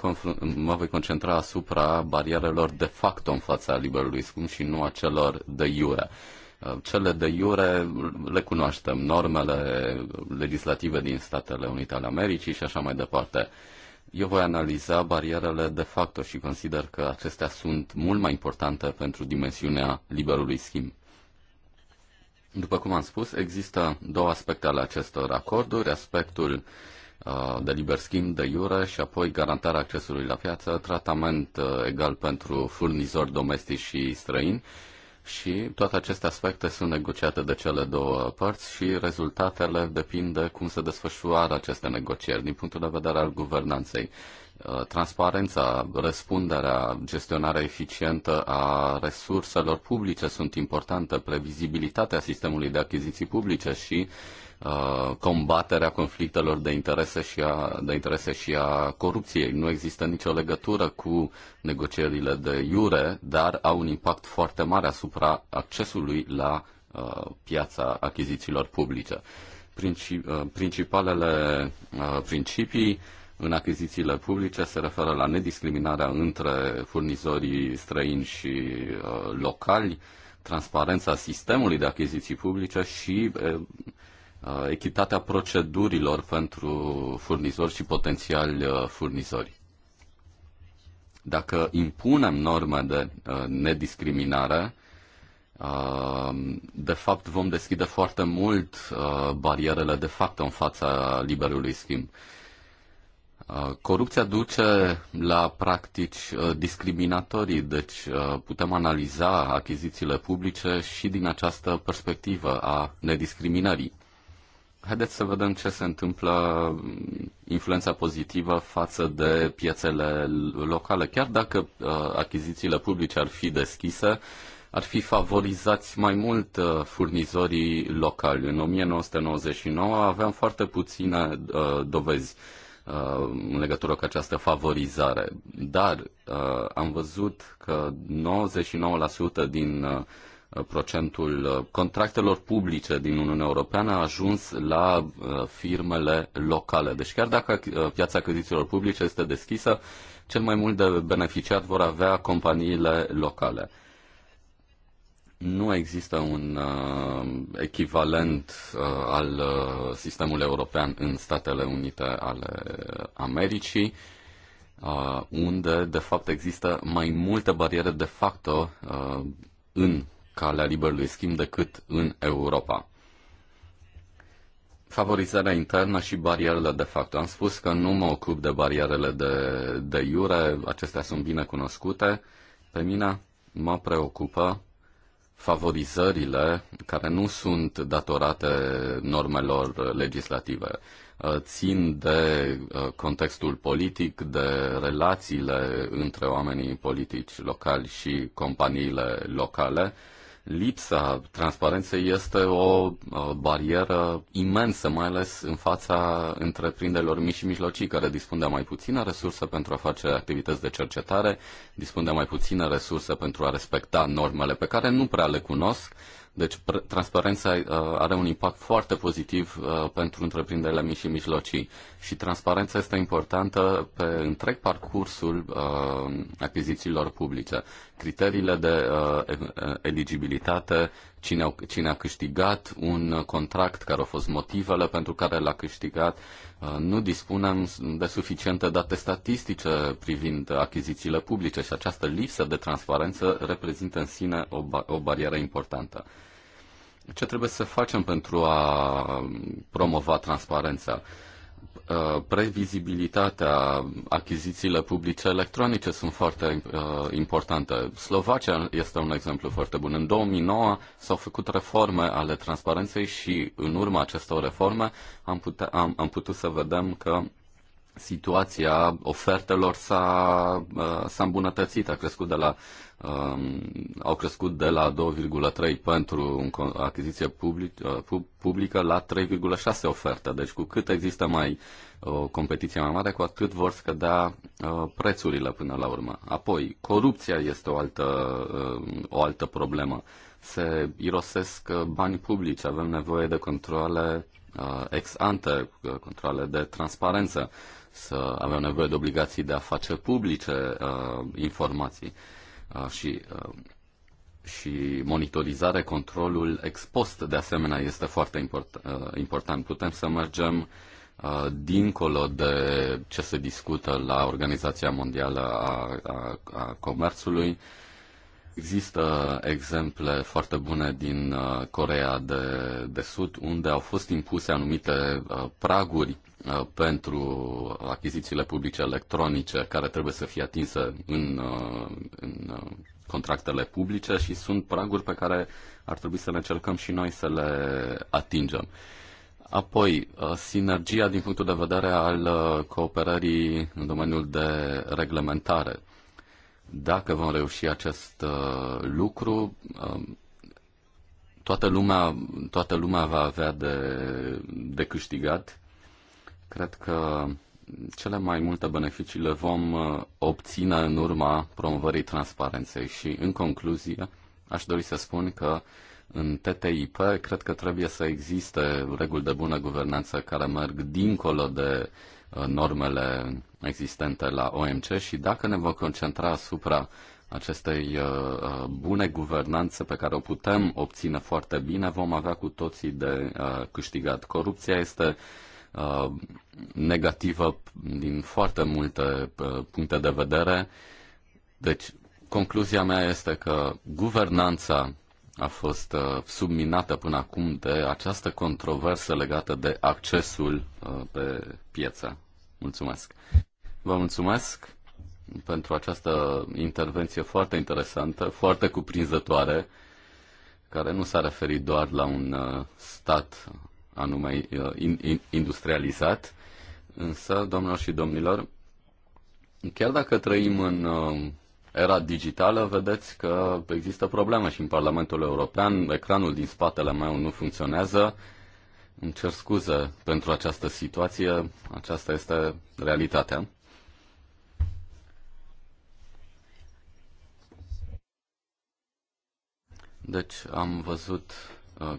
mă voi concentra asupra barierelor de facto în fața liberului schimb și nu a celor de iure. Uh, Uh, cele de iure le cunoaștem, normele legislative din Statele Unite ale Americii și așa mai departe. Eu voi analiza barierele de facto și consider că acestea sunt mult mai importante pentru dimensiunea liberului schimb. După cum am spus, există două aspecte ale acestor acorduri, aspectul uh, de liber schimb de iure și apoi garantarea accesului la piață, tratament uh, egal pentru furnizori domestici și străini și toate aceste aspecte sunt negociate de cele două părți și rezultatele depind de cum se desfășoară aceste negocieri din punctul de vedere al guvernanței. Uh, transparența, răspunderea, gestionarea eficientă a resurselor publice sunt importante, previzibilitatea sistemului de achiziții publice și uh, combaterea conflictelor de interese, și a, de interese și a corupției. Nu există nicio legătură cu negocierile de iure, dar au un impact foarte mare asupra accesului la uh, piața achizițiilor publice. Princi- uh, principalele uh, principii uh, în achizițiile publice se referă la nediscriminarea între furnizorii străini și uh, locali, transparența sistemului de achiziții publice și uh, uh echitatea procedurilor pentru furnizori și potențiali uh, furnizori. Dacă impunem norme de uh, nediscriminare, uh, de fapt vom deschide foarte mult uh, barierele de fapt în fața liberului schimb. Uh, corupția duce la practici uh, discriminatorii, deci uh, putem analiza achizițiile publice și din această perspectivă a nediscriminării. Haideți să vedem ce se întâmplă mm, influența pozitivă față de piețele locale. Chiar dacă achizițiile publice ar fi deschise, ar fi favorizați mai mult furnizorii locali. În 1999 aveam foarte puține dovezi Uh, în legătură cu această favorizare, dar uh, am văzut că 99% din uh, procentul contractelor publice din Uniunea Europeană a ajuns la firmele locale. Deci chiar dacă piața achizițiilor publice este deschisă, cel mai mult de beneficiat vor avea companiile locale nu există un uh, echivalent uh, al uh, sistemului european în Statele Unite ale Americii, uh, unde, de fapt, există mai multe bariere de facto uh, în calea liberului schimb decât în Europa. Favorizarea internă și barierele de facto. Am spus că nu mă ocup de barierele de, de iure, acestea sunt bine cunoscute. Pe mine mă preocupă favorizările care nu sunt datorate normelor legislative. Uh, țin de uh, contextul politic, de relațiile între oamenii politici locali și companiile locale, lipsa transparenței este o barieră imensă, mai ales în fața întreprinderilor mici și mijlocii, care dispun de mai puține resurse pentru a face activități de cercetare, dispun de mai puține resurse pentru a respecta normele pe care nu prea le cunosc, deci transparența uh, are un impact foarte pozitiv uh, pentru întreprinderile mici și mijlocii și transparența este importantă pe întreg parcursul uh, achizițiilor publice. Criteriile de eligibilitate, cine, au, cine a câștigat un contract, care au fost motivele pentru care l-a câștigat, Uh, nu dispunem de suficiente date statistice privind achizițiile publice și această lipsă de transparență reprezintă în sine o, ba- o barieră importantă. Ce trebuie să facem pentru a promova transparența? Uh, previzibilitatea, achizițiile publice electronice sunt foarte uh, importante. Slovacia este un exemplu foarte bun. În 2009 s-au făcut reforme ale transparenței și în urma acestor reforme am, pute- am, am putut să vedem că situația ofertelor s-a, uh, s-a îmbunătățit, a crescut de la, um, au crescut de la 2,3 pentru achiziție public, uh, publică la 3,6 oferte. Deci cu cât există mai o competiție mai mare, cu atât vor scădea uh, prețurile până la urmă. Apoi, corupția este o altă, uh, o altă problemă. Se irosesc uh, bani publici, avem nevoie de controle uh, ex ante, controle de transparență să avem nevoie de obligații de a face publice uh, informații uh, și, uh, și monitorizare, controlul ex post de asemenea este foarte import, uh, important. Putem să mergem uh, dincolo de ce se discută la Organizația Mondială a, a, a Comerțului. Există exemple foarte bune din uh, Corea de, de Sud unde au fost impuse anumite uh, praguri Uh, pentru achizițiile publice electronice care trebuie să fie atinse în, uh, în uh, contractele publice și sunt praguri pe care ar trebui să le încercăm și noi să le atingem. Apoi, sinergia din punctul de vedere al cooperării în domeniul de reglementare. Dacă vom reuși acest lucru, um, toată lumea, toată lumea va avea de, de câștigat Cred că cele mai multe beneficii le vom uh, obține în urma promovării transparenței și, în concluzie, aș dori să spun că în TTIP cred că trebuie să existe reguli de bună guvernanță care merg dincolo de uh, normele existente la OMC și dacă ne vom concentra asupra acestei uh, bune guvernanțe pe care o putem obține foarte bine, vom avea cu toții de câștigat. Corupția este Uh, negativă din foarte multe uh, puncte de vedere. Deci, concluzia mea este că guvernanța a fost uh, subminată până acum de această controversă legată de accesul pe piață. Mulțumesc! Vă mulțumesc pentru această intervenție foarte interesantă, foarte cuprinzătoare, care nu s-a referit doar la un stat anume uh, industrializat, însă, doamnelor și domnilor, chiar dacă trăim în uh, era digitală, vedeți că există probleme și în Parlamentul European. Ecranul din spatele meu nu funcționează. Îmi cer scuze pentru această situație. Aceasta este realitatea. Deci am văzut uh,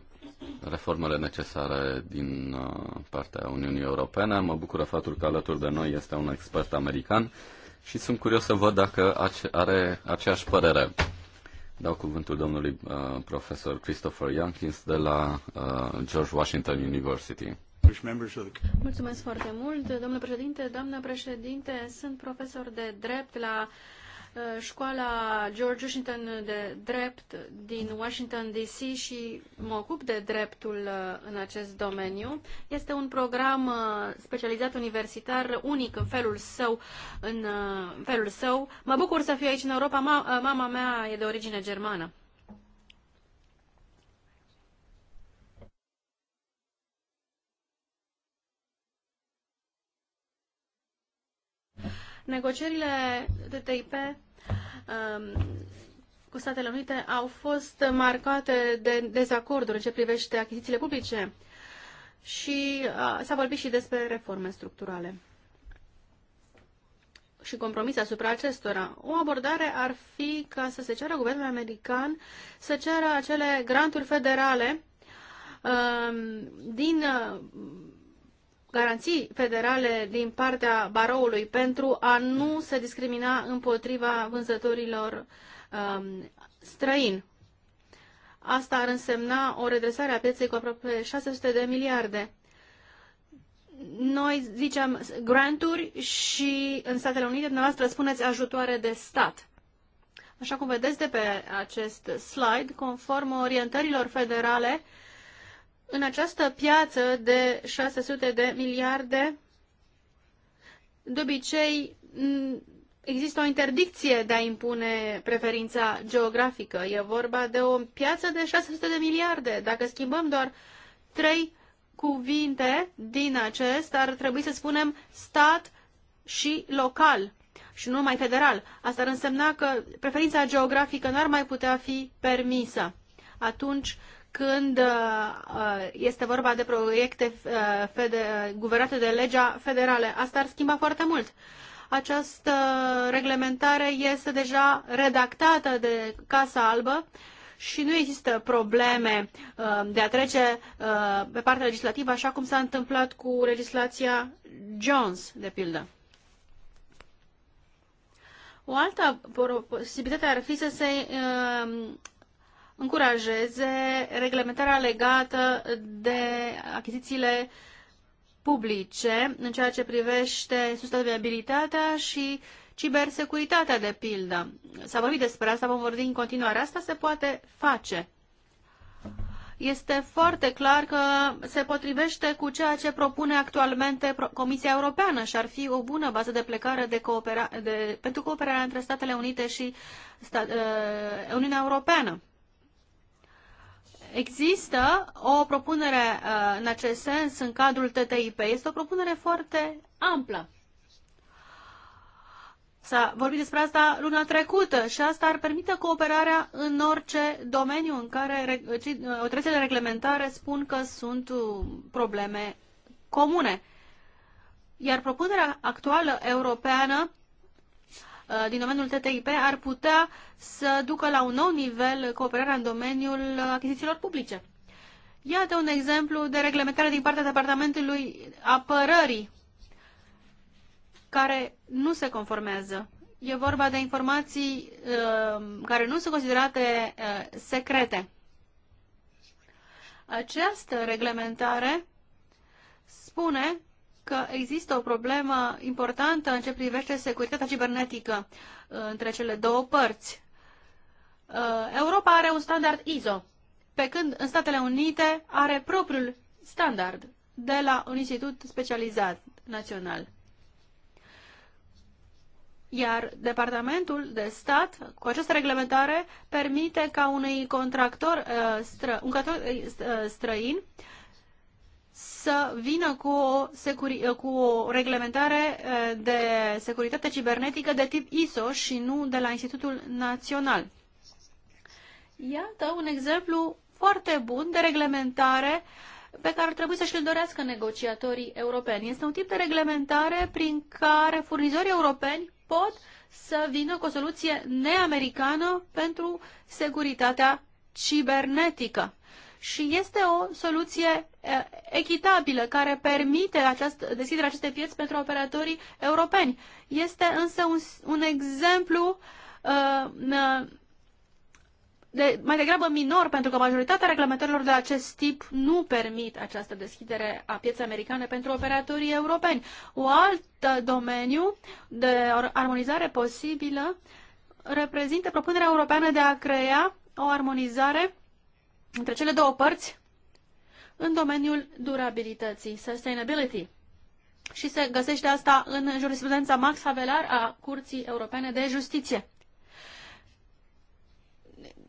reformele necesare din uh, partea Uniunii Europene. Mă bucură faptul că alături de noi este un expert american și sunt curios să văd dacă are aceeași părere. Dau cuvântul domnului uh, profesor Christopher Youngkins de la uh, George Washington University. Mulțumesc foarte mult, domnule președinte, doamnă președinte, sunt profesor de drept la Uh, școala George Washington de drept din Washington DC și mă ocup de dreptul uh, în acest domeniu. Este un program uh, specializat universitar unic în felul său. În felul său. Mă bucur să fiu aici în Europa. Mama mea e de origine germană. Negocierile TIP um, cu Statele Unite au fost marcate de dezacorduri în ce privește achizițiile publice și uh, s-a vorbit și despre reforme structurale și compromis asupra acestora. O abordare ar fi ca să se ceară guvernul american să ceară acele granturi federale uh, din uh, garanții federale din partea baroului pentru a nu se discrimina împotriva vânzătorilor um, străini. Asta ar însemna o redresare a pieței cu aproape 600 de miliarde. Noi zicem granturi și în Statele Unite dumneavoastră spuneți ajutoare de stat. Așa cum vedeți de pe acest slide, conform orientărilor federale, uh, în această piață de 600 de miliarde, de obicei există o interdicție de a impune preferința geografică. E vorba de o piață de 600 de miliarde. Dacă schimbăm doar trei cuvinte din acest, ar trebui să spunem stat și local și nu numai federal. Asta ar însemna că preferința geografică nu ar mai putea fi permisă. Atunci când uh, uh, este vorba de proiecte uh, guvernate de legea federală. Asta ar schimba foarte mult. Această reglementare este deja redactată de Casa Albă și nu există probleme de a trece pe partea legislativă, așa cum s-a întâmplat cu legislația Jones, de pildă. O altă posibilitate ar fi să se încurajeze reglementarea legată de achizițiile publice în ceea ce privește sustenabilitatea și cibersecuritatea, de pildă. S-a vorbit despre asta, vom vorbi în continuare. Asta se poate face. Este foarte clar că se potrivește cu ceea ce propune actualmente Comisia Europeană și ar fi o bună bază de plecare de coopera- de, pentru cooperarea între Statele Unite și sta- uh, Uniunea Europeană. Există o propunere uh, în acest sens în cadrul TTIP. Este o propunere foarte amplă. S-a vorbit despre asta luna trecută și asta ar permite cooperarea în orice domeniu în care uh, autoritățile reglementare spun că sunt uh, probleme comune. Iar propunerea actuală europeană Uh, din domeniul TTIP ar putea să ducă la un nou nivel cooperarea în domeniul achizițiilor publice. Iată un exemplu de reglementare din partea Departamentului Apărării care nu se conformează. E vorba de informații uh, care nu sunt considerate uh, secrete. Această reglementare spune că există o problemă importantă în ce privește securitatea cibernetică uh, între cele două părți. Uh, Europa are un standard ISO, pe când în Statele Unite are propriul standard de la un institut specializat național. Iar Departamentul de Stat, cu această reglementare, permite ca unui contractor, uh, stră, un contractor străin să vină cu o, securi- cu o reglementare eh, de securitate cibernetică de tip ISO și nu de la Institutul Național. Iată un exemplu foarte bun de reglementare pe care ar trebui să-și-l dorească negociatorii europeni. Este un tip de reglementare prin care furnizorii europeni pot să vină cu o soluție neamericană pentru securitatea cibernetică și este o soluție eh, echitabilă care permite aceast, deschiderea acestei pieți pentru operatorii europeni. Este însă un, un exemplu uh, de, mai degrabă minor, pentru că majoritatea reglementărilor de acest tip nu permit această deschidere a pieței americane pentru operatorii europeni. O alt eh, domeniu de armonizare posibilă reprezintă propunerea europeană de a crea o armonizare între cele două părți în domeniul durabilității, sustainability. Și se găsește asta în jurisprudența Max Havelar a Curții Europene de Justiție.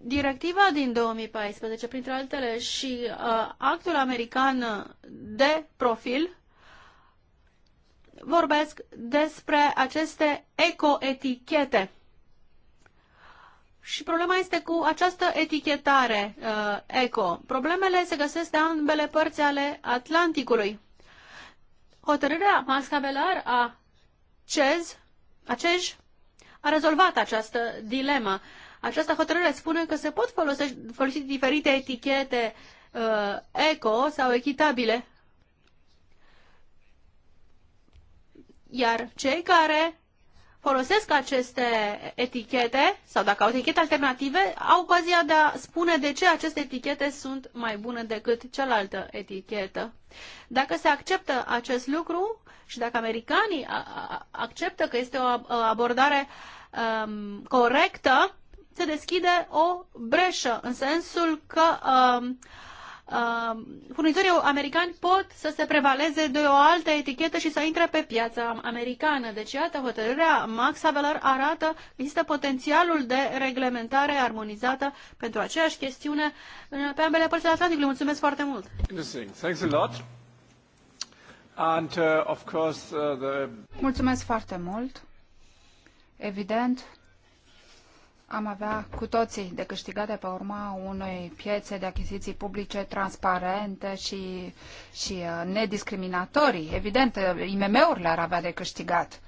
Directiva din 2014, printre altele, și uh, actul american de profil vorbesc despre aceste ecoetichete și problema este cu această etichetare uh, eco. Problemele se găsesc de ambele părți ale Atlanticului. Hotărârea mascabelar a CEZ, a CEJ a rezolvat această dilemă. Această hotărâre spune că se pot folosi, folosi diferite etichete uh, eco sau echitabile. Iar cei care folosesc aceste etichete sau dacă au etichete alternative, au ocazia de a spune de ce aceste etichete sunt mai bune decât cealaltă etichetă. Dacă se acceptă acest lucru și dacă americanii acceptă că este o abordare um, corectă, se deschide o breșă în sensul că um, Um, furnizorii americani pot să se prevaleze de o altă etichetă și să intre pe piața americană. Deci, iată, hotărârea Max Havelar arată că există potențialul de reglementare armonizată pentru aceeași chestiune pe ambele părți ale Atlanticului. Mulțumesc foarte mult! Uh, uh, Mulțumesc foarte mult! Evident, am avea cu toții de câștigat de pe urma unei piețe de achiziții publice transparente și, și uh, nediscriminatorii. Evident, uh, IMM-urile ar avea de câștigat.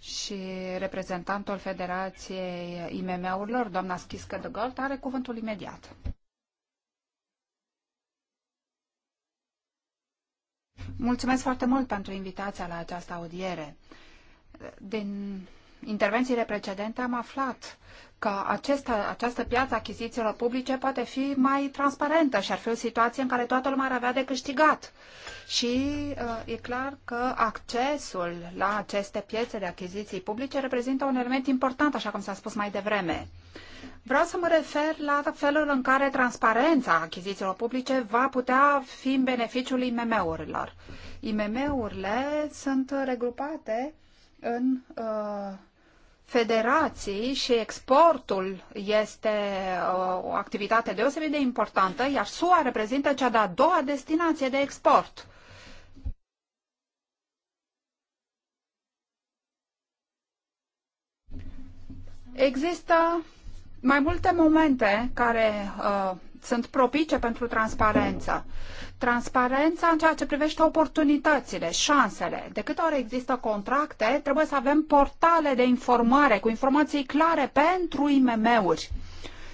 Și reprezentantul Federației IMM-urilor, doamna Schiscă de Gold, are cuvântul imediat. Mulțumesc foarte mult pentru invitația la această audiere. Din intervențiile precedente am aflat că acesta, această piață achizițiilor publice poate fi mai transparentă și ar fi o situație în care toată lumea ar avea de câștigat. Și uh, e clar că accesul la aceste piețe de achiziții publice reprezintă un element important, așa cum s-a spus mai devreme. Vreau să mă refer la felul în care transparența achizițiilor publice va putea fi în beneficiul IMM-urilor. IMM-urile sunt regrupate în uh, federații și exportul este uh, o activitate deosebit de importantă, iar SUA reprezintă cea de-a doua destinație de export. Există mai multe momente care uh, sunt propice pentru transparență. Transparența în ceea ce privește oportunitățile, șansele. De câte ori există contracte, trebuie să avem portale de informare cu informații clare pentru IMM-uri.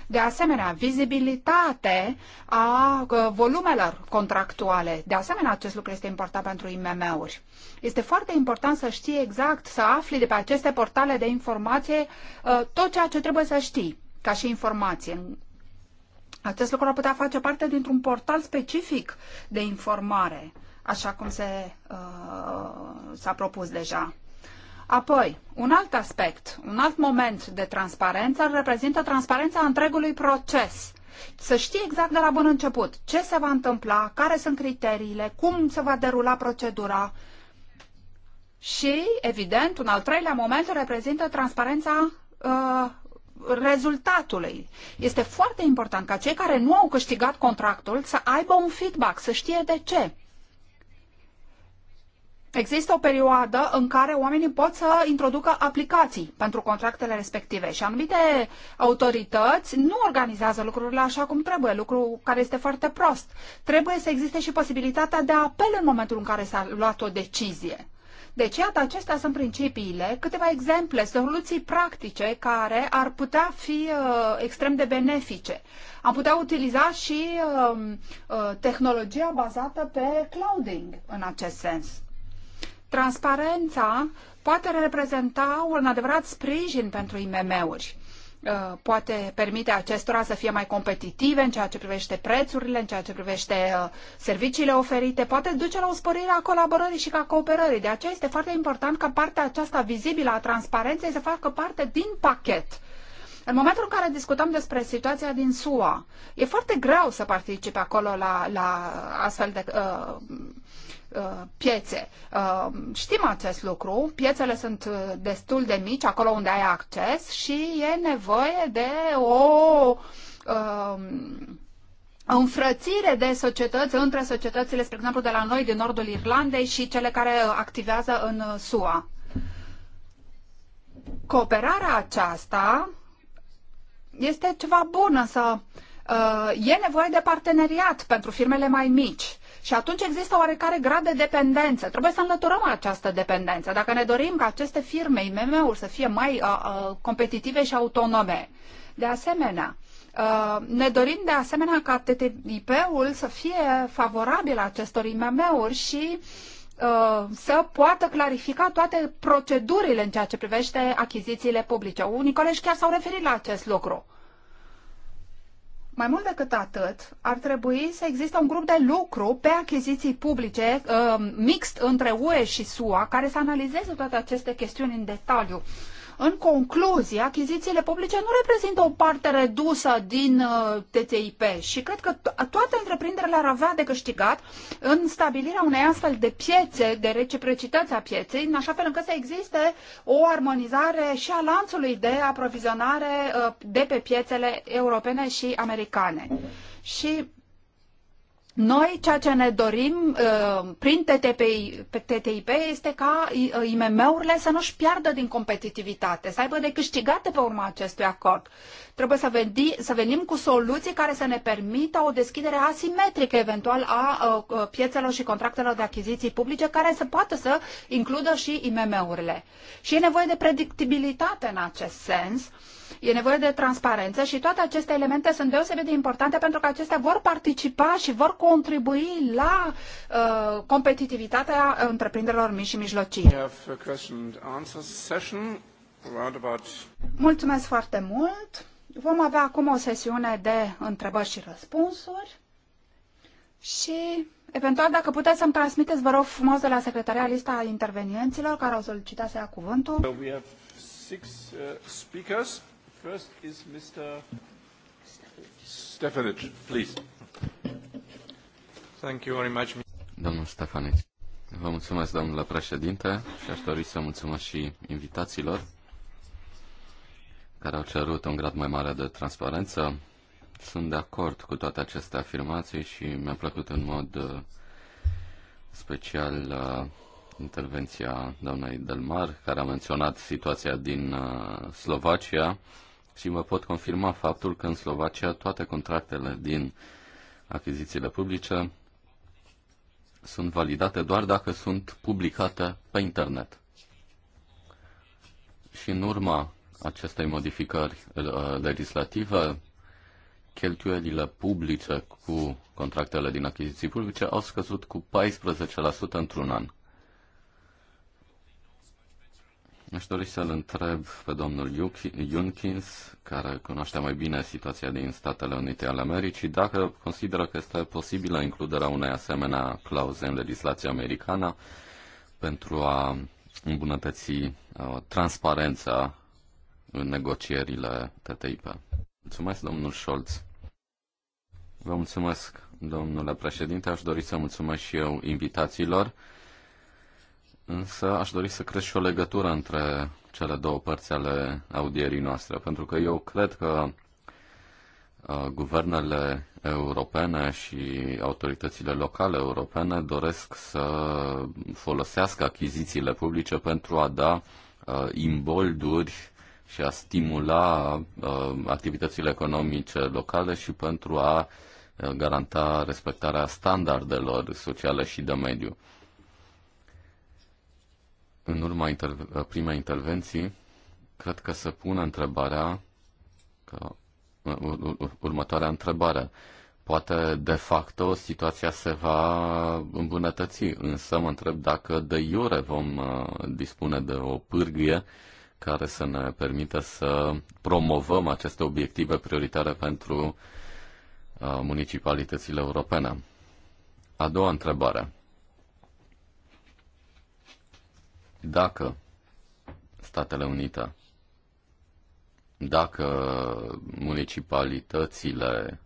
De asemenea, vizibilitate a uh, volumelor contractuale. De asemenea, acest lucru este important pentru IMM-uri. Este foarte important să știi exact, să afli de pe aceste portale de informație uh, tot ceea ce trebuie să știi ca și informație. Acest lucru ar putea face parte dintr-un portal specific de informare, așa cum se, uh, s-a propus deja. Apoi, un alt aspect, un alt moment de transparență reprezintă transparența întregului proces. Să știi exact de la bun început ce se va întâmpla, care sunt criteriile, cum se va derula procedura. Și, evident, un al treilea moment reprezintă transparența uh, rezultatului. Este foarte important ca cei care nu au câștigat contractul să aibă un feedback, să știe de ce. Există o perioadă în care oamenii pot să introducă aplicații pentru contractele respective și anumite autorități nu organizează lucrurile așa cum trebuie, lucru care este foarte prost. Trebuie să existe și posibilitatea de apel în momentul în care s-a luat o decizie. Deci, iată, acestea sunt principiile, câteva exemple, soluții practice care ar putea fi uh, extrem de benefice. Am putea utiliza și uh, uh, tehnologia bazată pe clouding în acest sens. Transparența poate reprezenta un adevărat sprijin pentru IMM-uri Uh, poate permite acestora să fie mai competitive în ceea ce privește prețurile, în ceea ce privește uh, serviciile oferite, poate duce la o sporire a colaborării și a cooperării. De aceea este foarte important ca partea aceasta vizibilă a transparenței să facă parte din pachet. În momentul în care discutăm despre situația din SUA, e foarte greu să participe acolo la, la astfel de uh, Uh, piețe. Uh, știm acest lucru, piețele sunt uh, destul de mici acolo unde ai acces și e nevoie de o um, înfrățire de societăți între societățile, spre exemplu, de la noi din nordul Irlandei și cele care activează în SUA. Cooperarea aceasta este ceva bun, însă e nevoie de parteneriat pentru firmele mai mici și atunci există oarecare grad de dependență. Trebuie să înlăturăm această dependență. Dacă ne dorim ca aceste firme, IMM-uri, să fie mai uh, uh, competitive și autonome. De asemenea, Uh, ne dorim de asemenea ca TTIP-ul să fie favorabil acestor IMM-uri și uh, să poată clarifica toate procedurile în ceea ce privește achizițiile publice. Unii colegi chiar s-au referit la acest lucru. Mai mult decât atât, ar trebui să existe un grup de lucru pe achiziții publice uh, mixt între UE și SUA care să analizeze toate aceste chestiuni în detaliu în concluzie, achizițiile publice nu reprezintă o parte redusă din uh, TTIP și cred că toate întreprinderile ar avea de câștigat în stabilirea unei astfel de piețe, de reciprocități a pieței, în așa fel încât să existe o armonizare și a lanțului de aprovizionare uh, de pe piețele europene și americane. Și noi ceea ce ne dorim uh, prin pe TTIP este ca uh, IMM-urile să nu-și piardă din competitivitate, să aibă de câștigate pe urma acestui acord. Trebuie să, vendi, să venim cu soluții care să ne permită o deschidere asimetrică eventual a uh, uh, piețelor și contractelor de achiziții publice care să poată să includă și IMM-urile. Și e nevoie de predictibilitate în acest sens. E nevoie de transparență și toate aceste elemente sunt deosebit de importante pentru că acestea vor participa și vor contribui la uh, competitivitatea întreprinderilor mici și mijlocii. Mulțumesc foarte mult! Vom avea acum o sesiune de întrebări și răspunsuri și, eventual, dacă puteți să-mi transmiteți, vă rog frumos, de la secretaria lista intervenienților care au solicitat să ia cuvântul. Uh, we have six uh, speakers. First is Mr. Stefanic, please. Thank you very much. Domnul Stefanic. Vă mulțumesc, domnule președinte, și aș dori să mulțumesc și invitațiilor care au cerut un grad mai mare de transparență. Sunt de acord cu toate aceste afirmații și mi-a plăcut în mod uh, special uh, intervenția doamnei Delmar, care a menționat situația din uh, Slovacia și vă pot confirma faptul că în Slovacia toate contractele din achizițiile publice sunt validate doar dacă sunt publicate pe internet. Și în urma acestei modificări uh, legislative, cheltuielile publice cu contractele din achiziții publice au scăzut cu 14% într-un an. Aș dori să-l întreb pe domnul Junkins, care cunoaște mai bine situația din Statele Unite ale Americii, dacă consideră că este posibilă includerea unei asemenea clauze în legislația americană pentru a îmbunătăți uh, transparența în negocierile TTIP. Mulțumesc, domnul Scholz. Vă mulțumesc, domnule președinte. Aș dori să mulțumesc și eu invitațiilor, însă aș dori să crești și o legătură între cele două părți ale audierii noastre, pentru că eu cred că uh, guvernele europene și autoritățile locale europene doresc să folosească achizițiile publice pentru a da uh, imbolduri și a stimula uh, activitățile economice locale și pentru a uh, garanta respectarea standardelor sociale și de mediu. În urma inter- uh, primei intervenții, cred că se pune întrebarea, că, uh, următoarea întrebare. Poate, de facto, situația se va îmbunătăți, însă mă întreb dacă de iure vom dispune de o pârghie uh, care să ne permită să promovăm aceste obiective prioritare pentru uh, municipalitățile europene. A doua întrebare. Dacă Statele Unite, dacă municipalitățile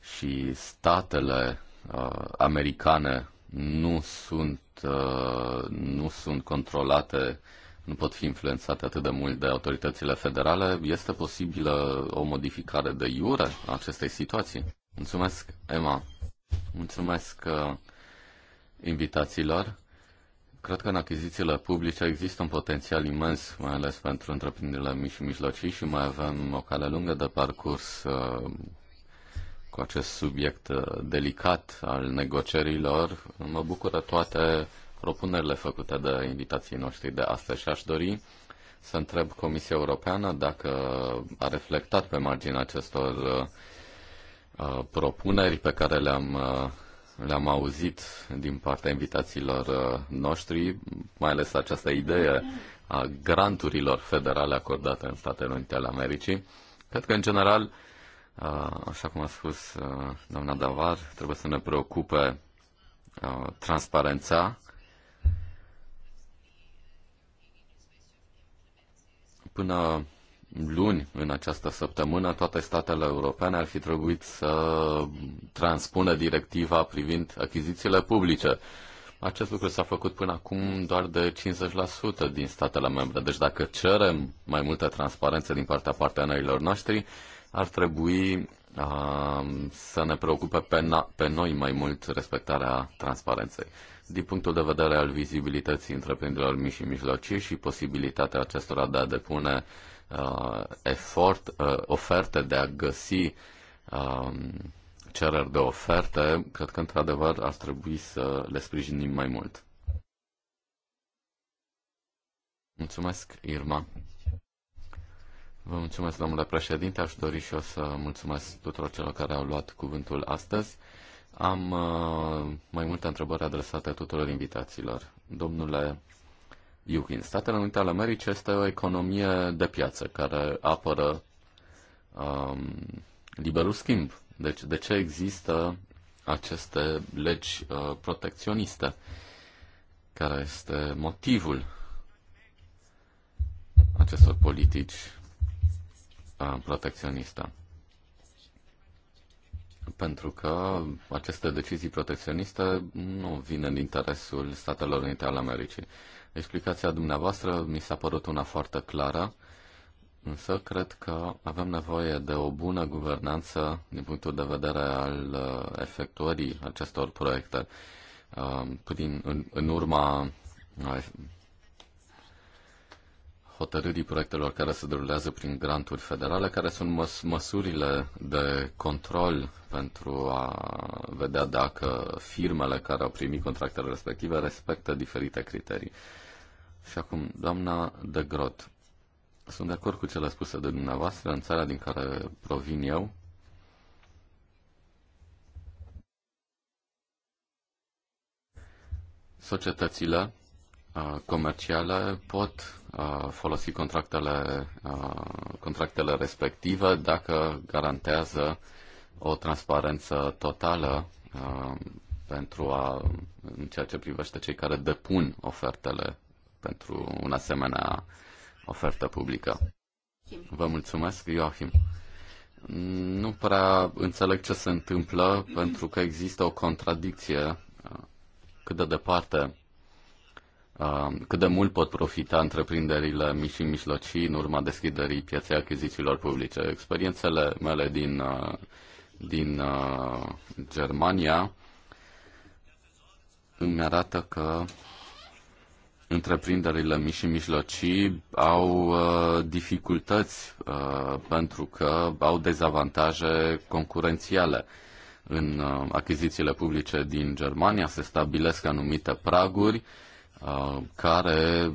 și statele uh, americane nu sunt, uh, nu sunt controlate uh, nu pot fi influențate atât de mult de autoritățile federale, este posibilă o modificare de iure a acestei situații? Mulțumesc, Emma. Mulțumesc uh, invitațiilor. Cred că în achizițiile publice există un potențial imens, mai ales pentru întreprinderile mici și mijlocii și mai avem o cale lungă de parcurs uh, cu acest subiect uh, delicat al negocierilor. Mă bucură toate propunerile făcute de invitații noștri de astăzi și aș dori să întreb Comisia Europeană dacă a reflectat pe marginea acestor uh, propuneri pe care le-am uh, le-am auzit din partea invitațiilor uh, noștri, mai ales această idee a granturilor federale acordate în Statele Unite ale Americii. Cred că, în general, așa cum a spus doamna Davar, trebuie să ne preocupe transparența până luni în această săptămână toate statele europene ar fi trebuit să transpună directiva privind achizițiile publice. Acest lucru s-a făcut până acum doar de 50% din statele membre. Deci dacă cerem mai multă transparență din partea partenerilor noștri, ar trebui a, să ne preocupe pe, na- pe noi mai mult respectarea transparenței din punctul de vedere al vizibilității întreprinderilor mici și mijlocii și posibilitatea acestora de a depune uh, efort, uh, oferte, de a găsi uh, cereri de oferte, cred că într-adevăr ar trebui să le sprijinim mai mult. Mulțumesc, Irma. Vă mulțumesc, domnule președinte. Aș dori și eu să mulțumesc tuturor celor care au luat cuvântul astăzi. Am uh, mai multe întrebări adresate tuturor invitațiilor. Domnule Iuhin, Statele Unite ale Americii este o economie de piață care apără um, liberul schimb. Deci de ce există aceste legi uh, protecționiste? Care este motivul acestor politici uh, protecționiste? pentru că aceste decizii protecționiste nu vin în interesul Statelor Unite ale Americii. Explicația dumneavoastră mi s-a părut una foarte clară, însă cred că avem nevoie de o bună guvernanță din punctul de vedere al uh, efectuării acestor proiecte. Uh, prin, în, în urma uh, hotărârii proiectelor care se derulează prin granturi federale, care sunt măs- măsurile de control pentru a vedea dacă firmele care au primit contractele respective respectă diferite criterii. Și acum, doamna de Grot, sunt de acord cu cele spuse de dumneavoastră în țara din care provin eu. Societățile comerciale pot folosi contractele, contractele respective dacă garantează o transparență totală pentru a, în ceea ce privește cei care depun ofertele pentru un asemenea ofertă publică. Vă mulțumesc, Joachim. Nu prea înțeleg ce se întâmplă, pentru că există o contradicție cât de departe Um, cât de mult pot profita întreprinderile mici și mijlocii în urma deschiderii pieței achizițiilor publice. Experiențele mele din, uh, din uh, Germania îmi arată că întreprinderile mici și mijlocii au uh, dificultăți uh, pentru că au dezavantaje concurențiale. În uh, achizițiile publice din Germania se stabilesc anumite praguri uh, Uh, care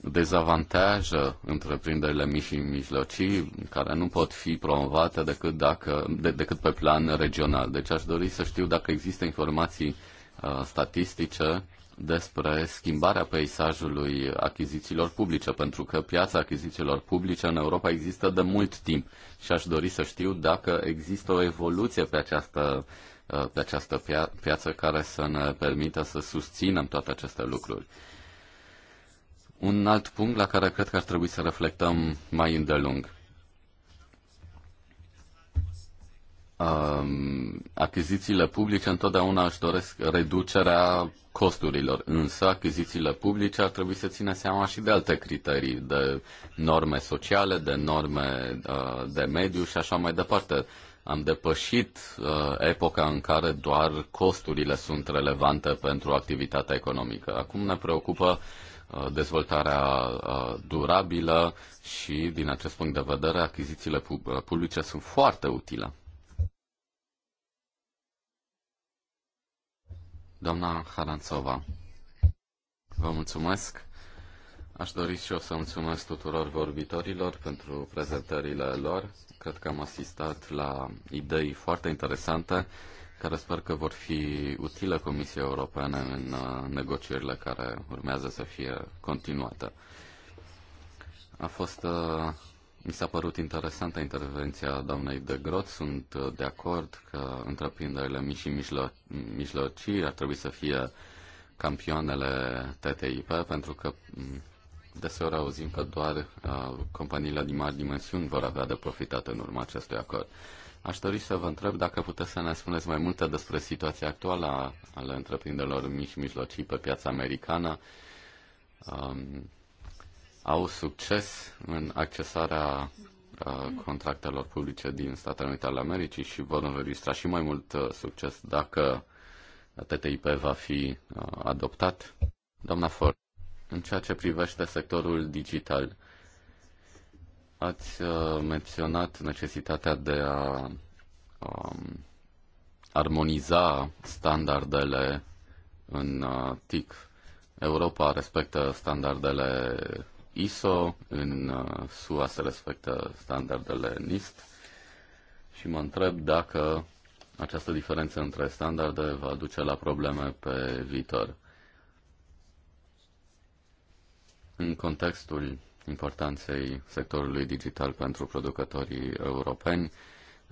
dezavantajă întreprinderile mici și mijlocii care nu pot fi promovate decât, dacă, de, decât pe plan regional. Deci aș dori să știu dacă există informații uh, statistice despre schimbarea peisajului achizițiilor publice, pentru că piața achizițiilor publice în Europa există de mult timp și aș dori să știu dacă există o evoluție pe această uh, Uh, pe această pia- piață care să ne permită să susținem toate aceste lucruri. Un alt punct la care cred că ar trebui să reflectăm mai îndelung. Um, achizițiile publice întotdeauna își doresc reducerea costurilor, însă achizițiile publice ar trebui să țină seama și de alte criterii, de norme sociale, de norme uh, de mediu și așa mai departe. Am depășit uh, epoca în care doar costurile sunt relevante pentru activitatea economică. Acum ne preocupă uh, dezvoltarea uh, durabilă și, din acest punct de vedere, achizițiile pub- uh, publice sunt foarte utile. Doamna Haranțova, vă mulțumesc. Aș dori și eu să mulțumesc tuturor vorbitorilor pentru prezentările lor. Cred că am asistat la idei foarte interesante care sper că vor fi utile Comisiei Europene în uh, negocierile care urmează să fie continuate. A fost, uh, mi s-a părut interesantă intervenția doamnei de Grot. Sunt uh, de acord că întreprinderile mici și mijlo- mijlocii ar trebui să fie campioanele TTIP pentru că mm, Deseori auzim că doar uh, companiile din mari dimensiuni vor avea de profitat în urma acestui acord. Aș dori să vă întreb dacă puteți să ne spuneți mai multe despre situația actuală a, ale întreprinderilor mici și mijlocii pe piața americană. Um, au succes în accesarea uh, contractelor publice din Statele Unite ale Americii și vor înregistra și mai mult uh, succes dacă TTIP va fi uh, adoptat. Doamna Ford în ceea ce privește sectorul digital. Ați uh, menționat necesitatea de a um, armoniza standardele în uh, TIC. Europa respectă standardele ISO, în uh, SUA se respectă standardele NIST și mă întreb dacă această diferență între standarde va duce la probleme pe viitor. În contextul importanței sectorului digital pentru producătorii europeni,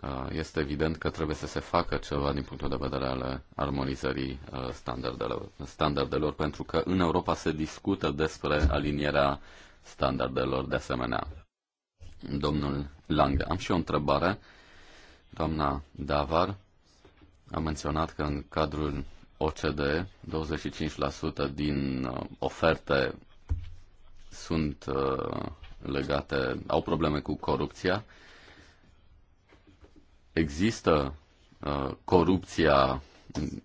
uh, este evident că trebuie să se facă ceva din punctul de vedere al armonizării uh, standardelor, standardelor, pentru că în Europa se discută despre alinierea standardelor de asemenea. Domnul Lange, am și o întrebare. Doamna Davar a menționat că în cadrul OCD, 25% din uh, oferte sunt uh, legate, au probleme cu corupția. Există uh, corupția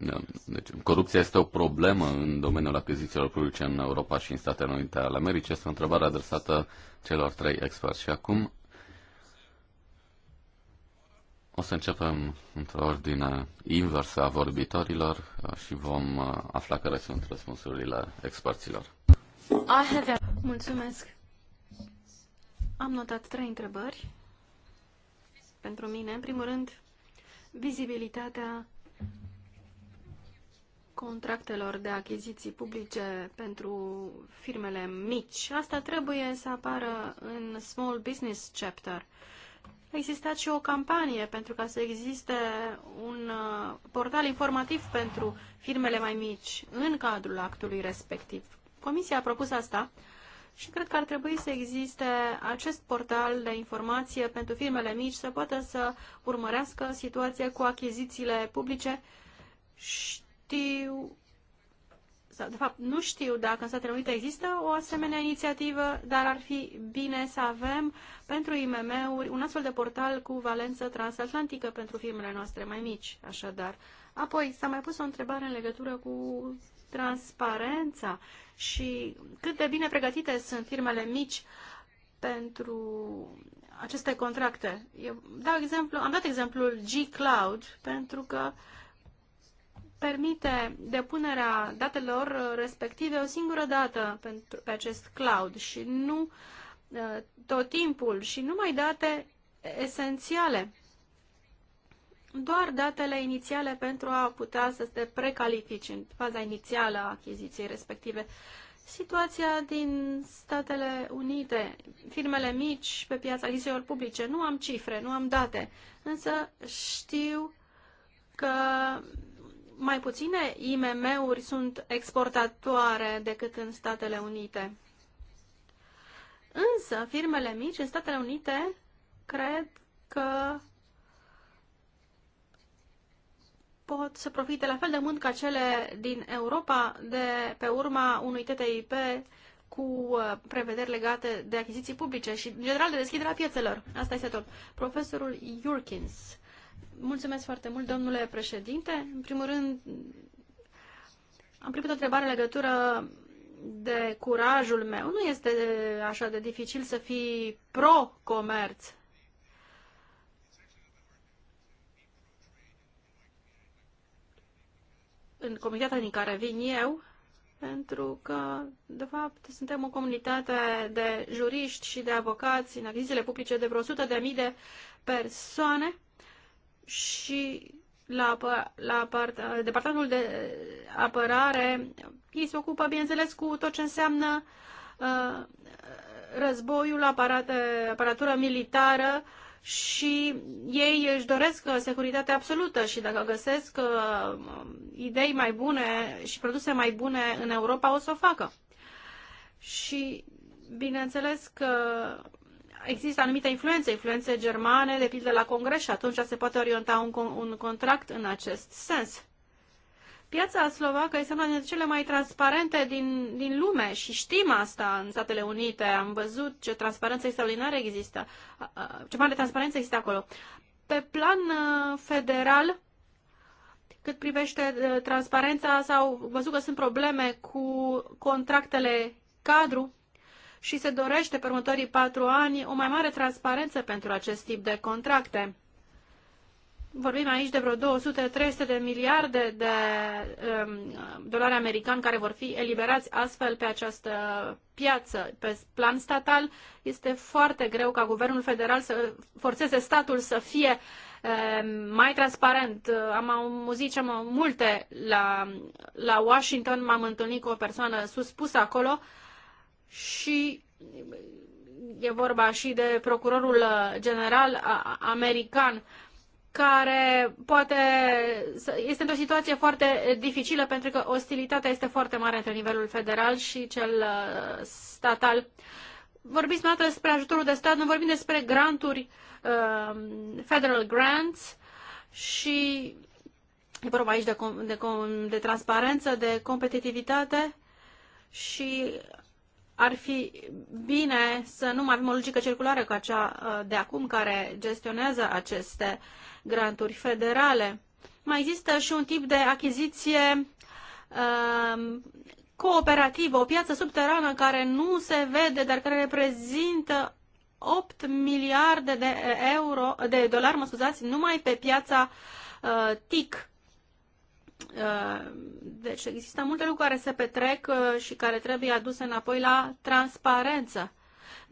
uh, deci, corupția este o problemă în domeniul achizițiilor publice în Europa și în Statele Unite ale Americii. Este o întrebare adresată celor trei experți. Și acum o să începem într-o ordine inversă a vorbitorilor și vom afla care sunt răspunsurile experților. Have... Mulțumesc. Am notat trei întrebări pentru mine. În primul rând, vizibilitatea contractelor de achiziții publice pentru firmele mici. Asta trebuie să apară în Small Business Chapter. A existat și o campanie pentru ca să existe un uh, portal informativ pentru firmele mai mici în cadrul actului respectiv. Comisia a propus asta și cred că ar trebui să existe acest portal de informație pentru firmele mici să poată să urmărească situația cu achizițiile publice. Știu, sau de fapt nu știu dacă în Statele Unite există o asemenea inițiativă, dar ar fi bine să avem pentru IMM-uri un astfel de portal cu valență transatlantică pentru firmele noastre mai mici, așadar. Apoi, s-a mai pus o întrebare în legătură cu transparența și cât de bine pregătite sunt firmele mici pentru aceste contracte. Eu dau exemplu, am dat exemplul G-Cloud pentru că permite depunerea datelor respective o singură dată pentru, pe acest cloud și nu uh, tot timpul și numai date esențiale doar datele inițiale pentru a putea să se precalifici în faza inițială a achiziției respective. Situația din Statele Unite, firmele mici pe piața achizițiilor publice, nu am cifre, nu am date, însă știu că mai puține IMM-uri sunt exportatoare decât în Statele Unite. Însă, firmele mici în Statele Unite cred că pot să profite la fel de mult ca cele din Europa de pe urma unui TTIP cu uh, prevederi legate de achiziții publice și, în general, de deschiderea piețelor. Asta este tot. Profesorul Jurkins. Mulțumesc foarte mult, domnule președinte. În primul rând, am primit o întrebare în legătură de curajul meu. Nu este așa de dificil să fii pro-comerț, în comunitatea din care vin eu, pentru că, de fapt, suntem o comunitate de juriști și de avocați în achizițiile publice de vreo 100.000 de mii de persoane și la, la part, departamentul de apărare ei se ocupă, bineînțeles, cu tot ce înseamnă uh, războiul, aparat, aparatură militară, uh, și ei își doresc uh, securitate absolută și dacă găsesc uh, um, idei mai bune și produse mai bune în Europa, o să o facă. Și bineînțeles că există anumite influențe, influențe germane, de pildă la Congres și atunci se poate orienta un, un contract în acest sens. Piața slovacă este una dintre cele mai transparente din, din lume și știm asta în Statele Unite. Am văzut ce transparență extraordinară există, ce mare transparență există acolo. Pe plan uh, federal, cât privește uh, transparența, s-au văzut că sunt probleme cu contractele cadru și se dorește pe următorii patru ani o mai mare transparență pentru acest tip de contracte. Vorbim aici de vreo 200-300 de miliarde de um, dolari americani care vor fi eliberați astfel pe această piață. Pe plan statal este foarte greu ca guvernul federal să forțeze statul să fie um, mai transparent. Am auzit am multe la, la Washington, m-am întâlnit cu o persoană suspusă acolo și e vorba și de procurorul uh, general american care poate este într-o situație foarte dificilă pentru că ostilitatea este foarte mare între nivelul federal și cel uh, statal. Vorbiți mai despre ajutorul de stat, nu vorbim despre granturi, uh, federal grants și e vorba aici de, de, de transparență, de competitivitate și ar fi bine să nu mai avem o logică circulară ca cea uh, de acum care gestionează aceste uh, granturi federale. Mai există și un tip de achiziție uh, cooperativă, o piață subterană care nu se vede, dar care reprezintă 8 miliarde de euro, de dolari, mă scuzați, numai pe piața uh, TIC. Uh, deci există multe lucruri care se petrec uh, și care trebuie aduse înapoi la transparență.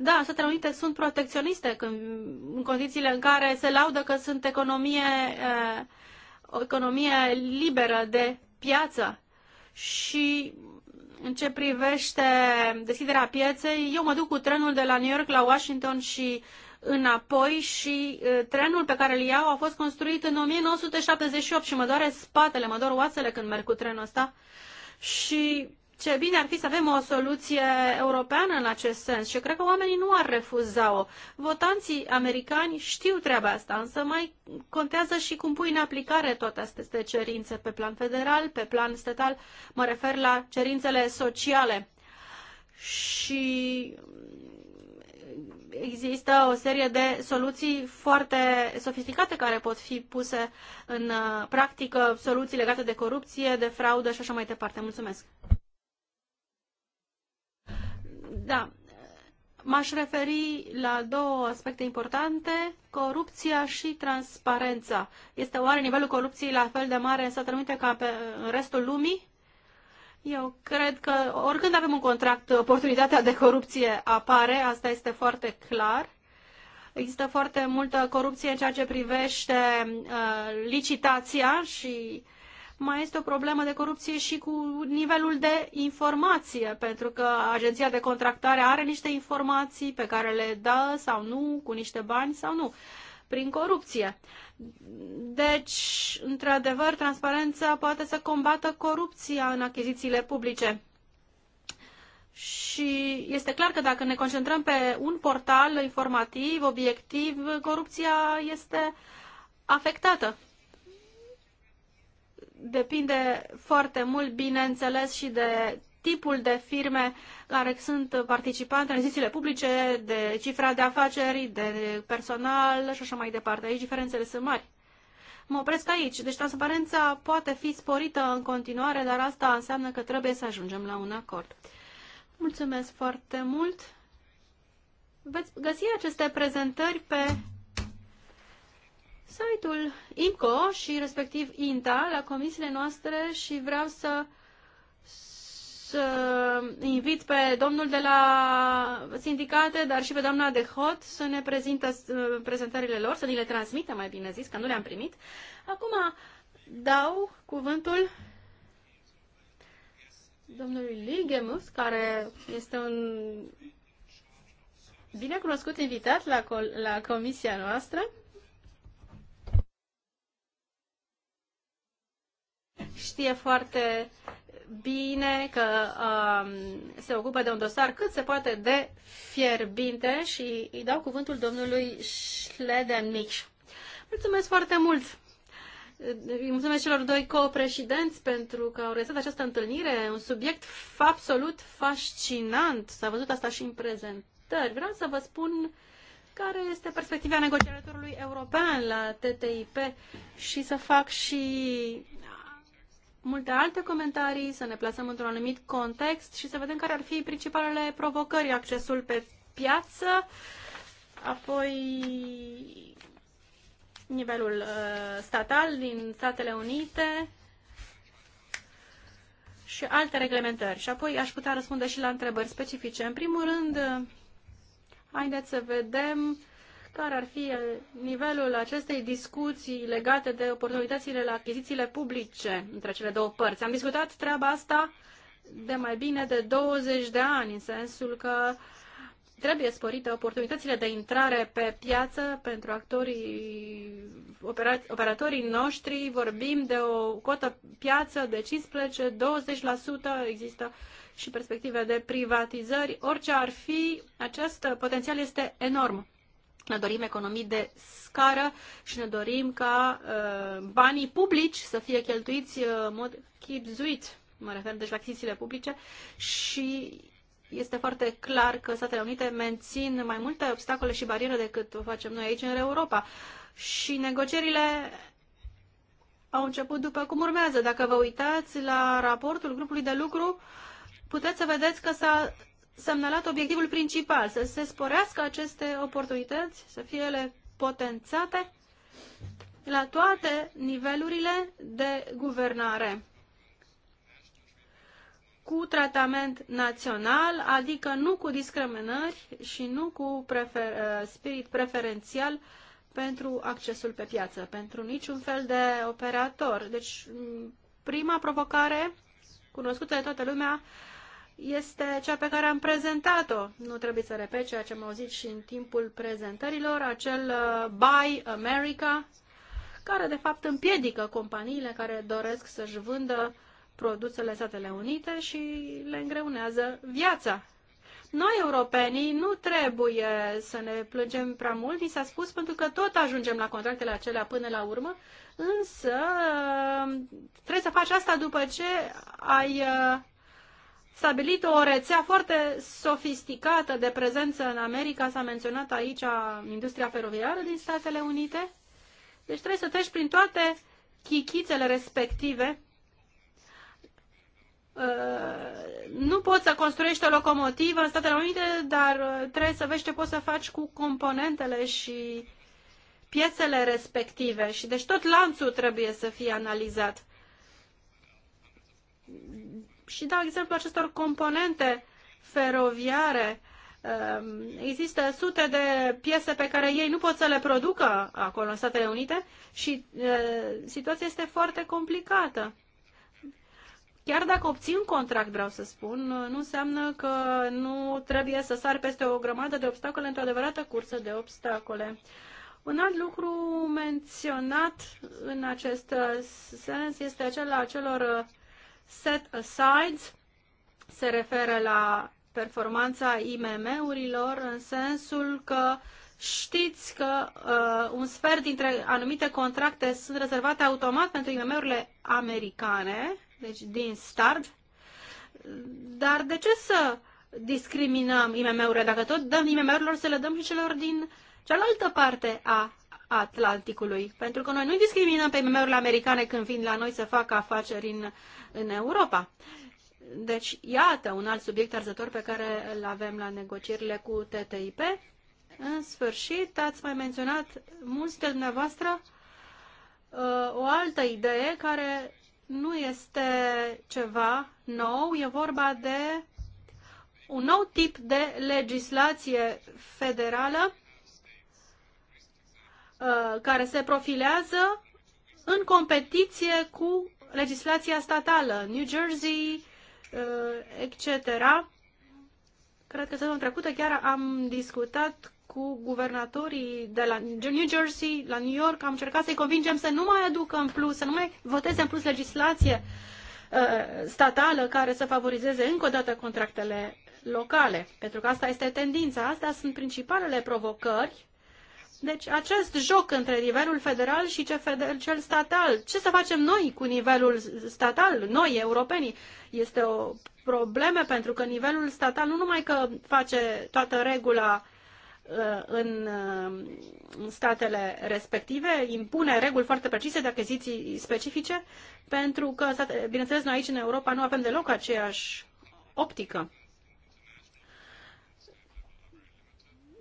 Da, Statele Unite sunt protecționiste când, în condițiile în care se laudă că sunt economie, uh, o economie liberă de piață. Și în ce privește deschiderea pieței, eu mă duc cu trenul de la New York la Washington și înapoi și uh, trenul pe care îl iau a fost construit în 1978 și mă doare spatele, mă doare oasele când merg cu trenul ăsta. Și ce bine ar fi să avem o soluție europeană în acest sens și cred că oamenii nu ar refuza-o. Votanții americani știu treaba asta, însă mai contează și cum pui în aplicare toate aceste cerințe pe plan federal, pe plan statal, mă refer la cerințele sociale. Și există o serie de soluții foarte sofisticate care pot fi puse în uh, practică, soluții legate de corupție, de fraudă și așa mai departe. Mulțumesc! Da, m-aș referi la două aspecte importante, corupția și transparența. Este oare nivelul corupției la fel de mare în Statele Unite ca pe, în restul lumii? Eu cred că oricând avem un contract, oportunitatea de corupție apare, asta este foarte clar. Există foarte multă corupție în ceea ce privește uh, licitația și uh, mai este o problemă de corupție și cu nivelul de informație, pentru că agenția de contractare are niște informații pe care le dă sau nu, cu niște bani sau nu, prin corupție. Deci, într-adevăr, transparența poate să combată corupția în achizițiile publice. Și este clar că dacă ne concentrăm pe un portal informativ, obiectiv, corupția este afectată depinde foarte mult, bineînțeles, și de tipul de firme care sunt participante în instituțiile publice, de cifra de afaceri, de personal și așa mai departe. Aici diferențele sunt mari. Mă opresc aici. Deci transparența poate fi sporită în continuare, dar asta înseamnă că trebuie să ajungem la un acord. Mulțumesc foarte mult! Veți găsi aceste prezentări pe site-ul IMCO și respectiv INTA la comisiile noastre și vreau să, să invit pe domnul de la sindicate, dar și pe doamna de hot să ne prezintă uh, prezentările lor, să ni le transmită, mai bine zis, că nu le-am primit. Acum dau cuvântul domnului Ligemus, care este un binecunoscut invitat la, la comisia noastră știe foarte bine că um, se ocupă de un dosar cât se poate de fierbinte și îi dau cuvântul domnului Schledenmich. Mulțumesc foarte mult! Îi mulțumesc celor doi co-președinți pentru că au realizat această întâlnire, un subiect absolut fascinant. S-a văzut asta și în prezentări. Vreau să vă spun care este perspectiva negociatorului european la TTIP și să fac și multe alte comentarii, să ne plasăm într-un anumit context și să vedem care ar fi principalele provocări, accesul pe piață, apoi nivelul uh, statal din Statele Unite și alte reglementări. Și apoi aș putea răspunde și la întrebări specifice. În primul rând, haideți să vedem care ar fi nivelul acestei discuții legate de oportunitățile la achizițiile publice între cele două părți. Am discutat treaba asta de mai bine de 20 de ani, în sensul că trebuie sporite oportunitățile de intrare pe piață pentru actorii, opera, operatorii noștri. Vorbim de o cotă piață de 15-20%, există și perspective de privatizări. Orice ar fi, acest potențial este enorm. Ne dorim economii de scară și ne dorim ca uh, banii publici să fie cheltuiți uh, în mod chipzuit, mă refer deci la achizițiile publice, și este foarte clar că Statele Unite mențin mai multe obstacole și bariere decât o facem noi aici în Europa. Și negocierile au început după cum urmează. Dacă vă uitați la raportul grupului de lucru, puteți să vedeți că s-a semnalat obiectivul principal, să se sporească aceste oportunități, să fie ele potențate la toate nivelurile de guvernare cu tratament național, adică nu cu discriminări și nu cu prefer, uh, spirit preferențial pentru accesul pe piață, pentru niciun fel de operator. Deci, prima provocare, cunoscută de toată lumea, este cea pe care am prezentat-o. Nu trebuie să repet ceea ce am auzit și în timpul prezentărilor, acel uh, Buy America, care de fapt împiedică companiile care doresc să-și vândă produsele Statele Unite și le îngreunează viața. Noi, europenii, nu trebuie să ne plângem prea mult, ni s-a spus, pentru că tot ajungem la contractele acelea până la urmă, însă uh, trebuie să faci asta după ce ai uh, stabilit o rețea foarte sofisticată de prezență în America, s-a menționat aici industria feroviară din Statele Unite. Deci trebuie să treci prin toate chichițele respective. Uh, nu poți să construiești o locomotivă în Statele Unite, dar uh, trebuie să vezi ce poți să faci cu componentele și piesele respective. Și deci tot lanțul trebuie să fie analizat și dau exemplu acestor componente feroviare. Ehm, există sute de piese pe care ei nu pot să le producă acolo în Statele Unite și ehm, situația este foarte complicată. Chiar dacă obțin contract, vreau să spun, nu înseamnă că nu trebuie să sar peste o grămadă de obstacole într-o adevărată cursă de obstacole. Un alt lucru menționat în acest sens este acela celor set-asides se referă la performanța IMM-urilor în sensul că știți că uh, un sfert dintre anumite contracte sunt rezervate automat pentru IMM-urile americane, deci din start, dar de ce să discriminăm IMM-urile dacă tot dăm IMM-urilor să le dăm și celor din cealaltă parte a Atlanticului. Pentru că noi nu discriminăm pe imm americane când vin la noi să facă afaceri în, în Europa. Deci, iată un alt subiect arzător pe care îl avem la negocierile cu TTIP. În sfârșit, ați mai menționat mulți de dumneavoastră uh, o altă idee care nu este ceva nou, e vorba de un nou tip de legislație federală Uh, care se profilează în competiție cu legislația statală, New Jersey, uh, etc. Cred că săptămâna trecută chiar am discutat cu guvernatorii de la New Jersey, la New York, am încercat să-i convingem să nu mai aducă în plus, să nu mai voteze în plus legislație uh, statală care să favorizeze încă o dată contractele locale. Pentru că asta este tendința, astea sunt principalele provocări deci acest joc între nivelul federal și cel statal, ce să facem noi cu nivelul statal, noi europenii, este o problemă pentru că nivelul statal nu numai că face toată regula uh, uh, în statele respective, impune reguli foarte precise de achiziții specifice, pentru că, bineînțeles, noi aici în Europa nu avem deloc aceeași optică.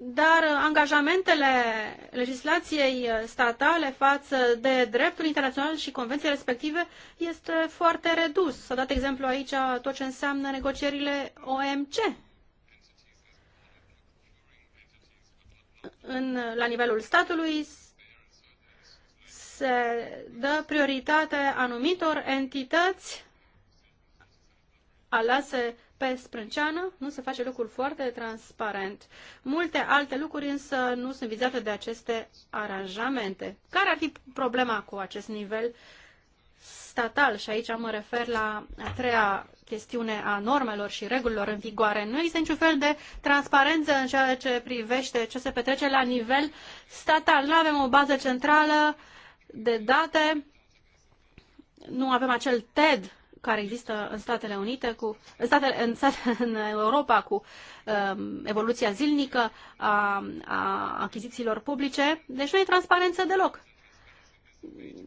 Dar angajamentele legislației statale față de dreptul internațional și convenții respective este foarte redus. Să dat exemplu aici tot ce înseamnă negocierile OMC. În, la nivelul statului se dă prioritate anumitor entități alese pe sprânceană, nu se face lucruri foarte transparent. Multe alte lucruri însă nu sunt vizate de aceste aranjamente. Care ar fi problema cu acest nivel statal? Și aici mă refer la a treia chestiune a normelor și regulilor în vigoare. Nu există niciun fel de transparență în ceea ce privește ce se petrece la nivel statal. Nu avem o bază centrală de date, nu avem acel TED care există în Statele Unite, cu, în, statele, în, în Europa cu um, evoluția zilnică a, a achizițiilor publice. Deci nu e transparență deloc.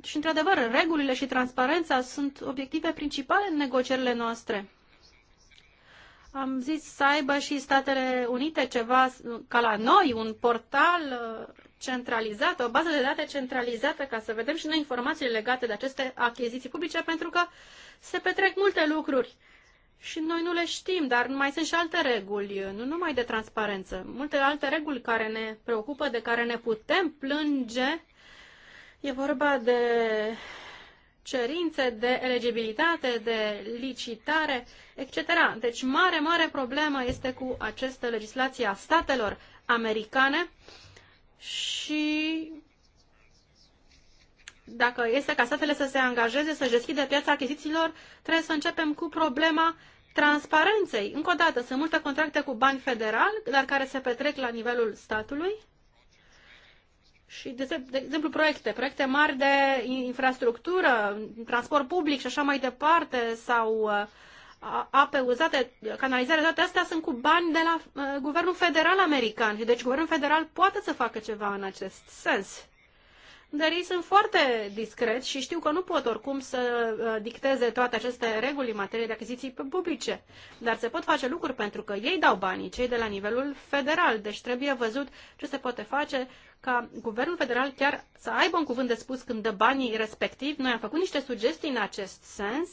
Și, într-adevăr, regulile și transparența sunt obiective principale în negocierile noastre. Am zis să aibă și Statele Unite ceva ca la noi, un portal uh, centralizată, o bază de date centralizată ca să vedem și noi informațiile legate de aceste achiziții publice, pentru că se petrec multe lucruri și noi nu le știm, dar mai sunt și alte reguli, nu numai de transparență, multe alte reguli care ne preocupă, de care ne putem plânge. E vorba de cerințe de elegibilitate, de licitare, etc. Deci mare, mare problemă este cu această legislație a statelor americane și dacă este ca statele să se angajeze, să-și deschidă piața achizițiilor, trebuie să începem cu problema transparenței. Încă o dată, sunt multe contracte cu bani federali, dar care se petrec la nivelul statului. Și, de, de exemplu, proiecte, proiecte mari de infrastructură, transport public și așa mai departe, sau uh, ape uzate, canalizare, toate astea sunt cu bani de la uh, Guvernul Federal American. Și deci Guvernul Federal poate să facă ceva în acest sens. Dar ei sunt foarte discreți și știu că nu pot oricum să uh, dicteze toate aceste reguli în materie de achiziții publice. Dar se pot face lucruri pentru că ei dau banii, cei de la nivelul federal. Deci trebuie văzut ce se poate face ca guvernul federal chiar să aibă un cuvânt de spus când dă banii respectiv. Noi am făcut niște sugestii în acest sens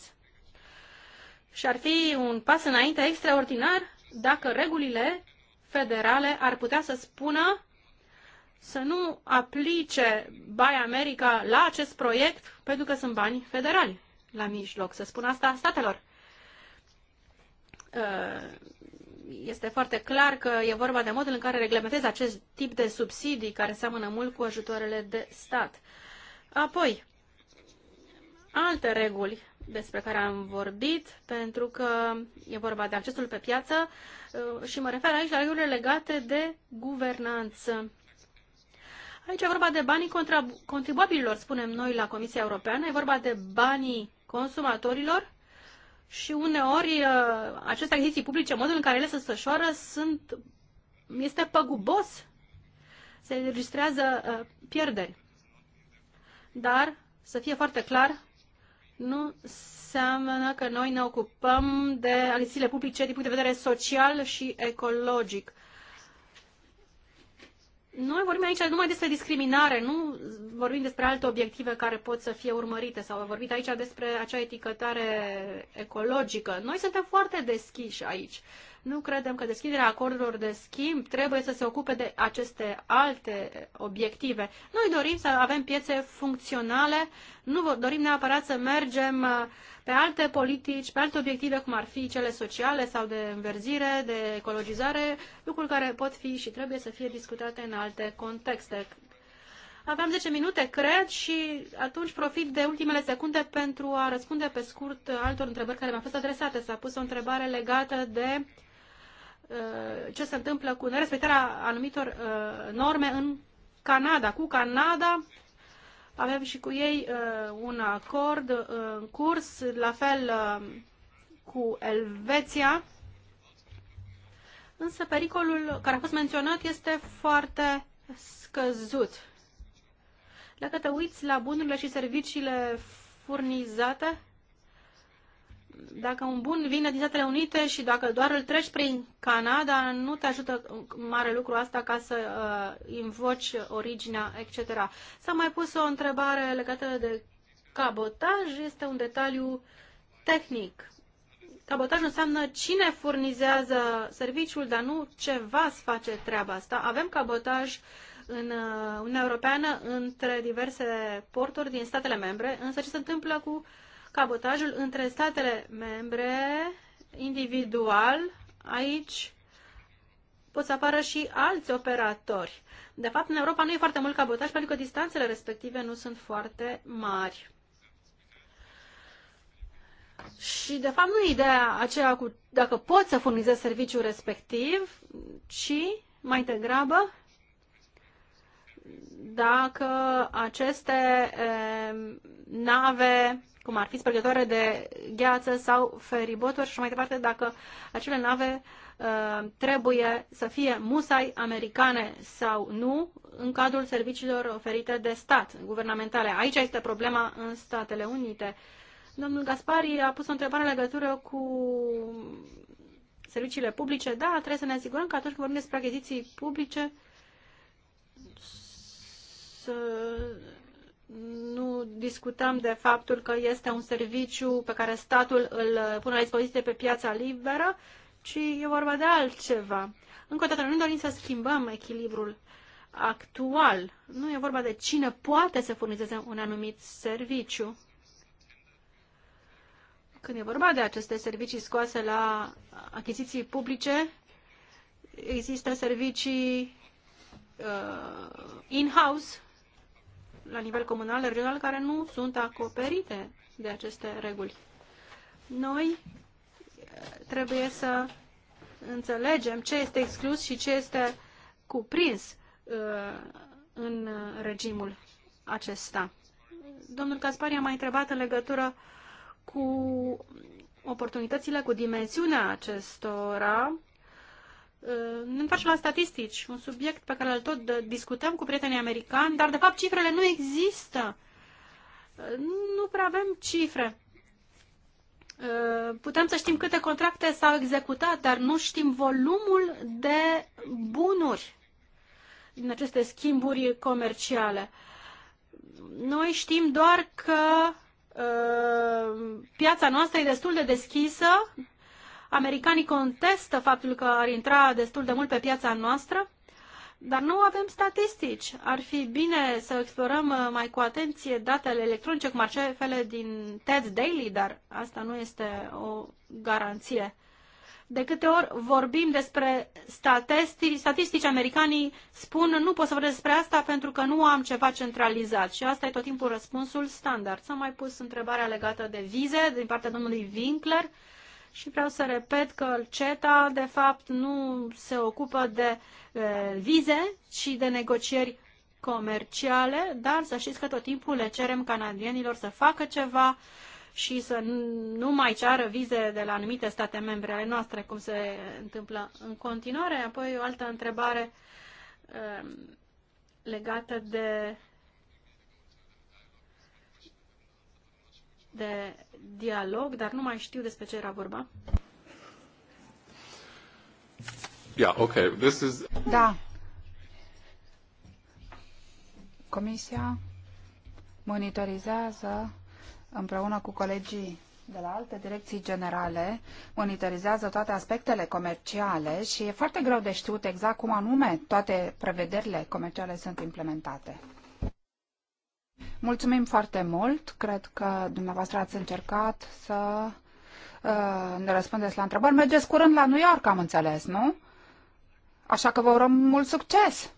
și ar fi un pas înainte extraordinar dacă regulile federale ar putea să spună să nu aplice Buy America la acest proiect pentru că sunt bani federali la mijloc. Să spun asta statelor. Ă, este foarte clar că e vorba de modul în care reglementez acest tip de subsidii care seamănă mult cu ajutoarele de stat. Apoi, alte reguli despre care am vorbit, pentru că e vorba de accesul pe piață uh, și mă refer aici la regulile legate de guvernanță. Aici e vorba de banii contribuabililor, spunem noi la Comisia Europeană, e vorba de banii consumatorilor și uneori uh, aceste achiziții publice, modul în care ele se desfășoară, sunt, este păgubos. Se înregistrează uh, pierderi. Dar, să fie foarte clar, nu înseamnă că noi ne ocupăm de alițiile publice din punct de vedere social și ecologic. Noi vorbim aici numai despre discriminare, nu vorbim despre alte obiective care pot să fie urmărite sau vorbim aici despre acea etichetare ecologică. Noi suntem foarte deschiși aici nu credem că deschiderea acordurilor de schimb trebuie să se ocupe de aceste alte obiective. Noi dorim să avem piețe funcționale, nu dorim neapărat să mergem uh, pe alte politici, pe alte obiective, cum ar fi cele sociale sau de înverzire, de ecologizare, lucruri care pot fi și trebuie să fie discutate în alte contexte. Aveam 10 minute, cred, și atunci profit de ultimele secunde pentru a răspunde pe scurt altor întrebări care mi-au fost adresate. S-a pus o întrebare legată de uh, Uh, ce se întâmplă cu nerespectarea anumitor uh, norme în Canada. Cu Canada avem și cu ei uh, un acord în curs, la fel cu Elveția. Însă pericolul care a fost menționat este foarte scăzut. Dacă te uiți la bunurile și serviciile furnizate, dacă un bun vine din Statele Unite și dacă doar îl treci prin Canada, nu te ajută mare lucru asta ca să uh, invoci originea, etc. S-a mai pus o întrebare legată de cabotaj, este un detaliu tehnic. Cabotaj înseamnă cine furnizează serviciul, dar nu ceva să face treaba asta. Avem cabotaj în uh, Uniunea Europeană între diverse porturi din statele membre, însă ce se întâmplă cu uh, cabotajul între statele membre individual. Aici pot să apară și alți operatori. De fapt, în Europa nu e foarte mult cabotaj pentru că distanțele respective nu sunt foarte mari. Și, de fapt, nu e ideea aceea cu dacă pot să furnizezi serviciul respectiv, ci mai degrabă dacă aceste eh, nave, cum ar fi spărgătoare de gheață sau feriboturi și mai departe, dacă acele nave eh, trebuie să fie musai americane sau nu în cadrul serviciilor oferite de stat, guvernamentale. Aici este problema în Statele Unite. Domnul Gaspari a pus o întrebare în legătură cu serviciile publice. Da, trebuie să ne asigurăm că atunci când vorbim despre achiziții publice, uh, nu discutăm de faptul că este un serviciu pe care statul îl pune la dispoziție pe piața liberă, ci e vorba de altceva. Încă o dată, nu dorim să schimbăm echilibrul actual. Nu e vorba de cine poate să furnizeze un anumit serviciu. Când e vorba de aceste servicii scoase la achiziții publice, există servicii uh, in-house la nivel comunal, regional, care nu sunt acoperite de aceste reguli. Noi eh, trebuie să înțelegem ce este exclus și ce este cuprins eh, în regimul acesta. Domnul Caspari a mai întrebat în legătură cu oportunitățile, cu dimensiunea acestora Uh, ne întoarcem la statistici, un subiect pe care îl tot discutăm cu prietenii americani, dar de fapt cifrele nu există. Uh, nu prea avem cifre. Uh, putem să știm câte contracte s-au executat, dar nu știm volumul de bunuri din aceste schimburi comerciale. Noi știm doar că piața noastră e destul de deschisă Americanii contestă faptul că ar intra destul de mult pe piața noastră, dar nu avem statistici. Ar fi bine să explorăm uh, mai cu atenție datele electronice, cum ar fele din TED Daily, dar asta nu este o garanție. De câte ori vorbim despre statistici, statistici americanii spun nu pot să vorbesc despre asta pentru că nu am ceva centralizat. Și asta e tot timpul răspunsul standard. S-a mai pus întrebarea legată de vize din partea domnului Winkler. Uh, și vreau să repet că CETA, de fapt, nu se ocupă de vize, ci de negocieri comerciale, dar să știți că tot timpul le cerem canadienilor să facă ceva și să nu mai ceară vize de la anumite state membre ale noastre, cum se întâmplă în continuare. Apoi o altă întrebare legată de de dialog, dar nu mai știu despre ce era vorba. Yeah, okay. This is... Da. Comisia monitorizează împreună cu colegii de la alte direcții generale, monitorizează toate aspectele comerciale și e foarte greu de știut exact cum anume toate prevederile comerciale sunt implementate. Mulțumim foarte mult. Cred că dumneavoastră ați încercat să uh, ne răspundeți la întrebări. Mergeți curând la New York, am înțeles, nu? Așa că vă urăm mult succes!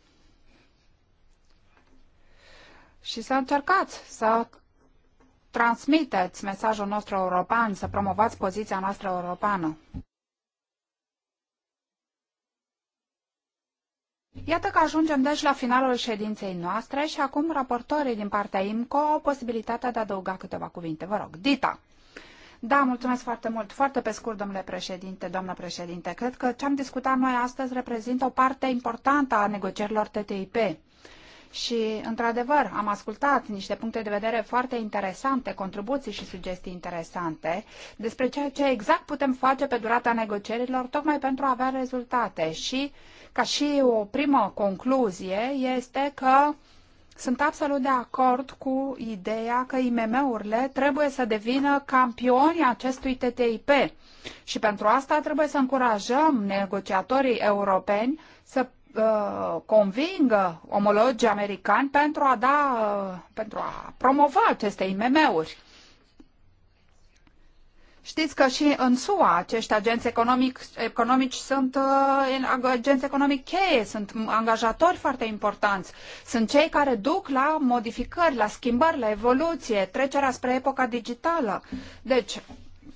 Și să încercați să transmiteți mesajul nostru european, să promovați poziția noastră europeană. Iată că ajungem deci la finalul ședinței noastre și acum raportorii din partea IMCO au posibilitatea de a adăuga câteva cuvinte. Vă rog, Dita! Da, mulțumesc foarte mult. Foarte pe scurt, domnule președinte, doamnă președinte. Cred că ce am discutat noi astăzi reprezintă o parte importantă a negocierilor TTIP și, într-adevăr, am ascultat niște puncte de vedere foarte interesante, contribuții și sugestii interesante despre ceea ce exact putem face pe durata negocierilor, tocmai pentru a avea rezultate. Și, ca și o primă concluzie, este că sunt absolut de acord cu ideea că IMM-urile trebuie să devină campioni acestui TTIP. Și pentru asta trebuie să încurajăm negociatorii europeni să Uh, convingă omologii americani pentru a da, uh, pentru a promova aceste IMM-uri. Știți că și în SUA acești agenți economic, economici sunt uh, agenți economic cheie, sunt angajatori foarte importanți, sunt cei care duc la modificări, la schimbări, la evoluție, trecerea spre epoca digitală. Deci,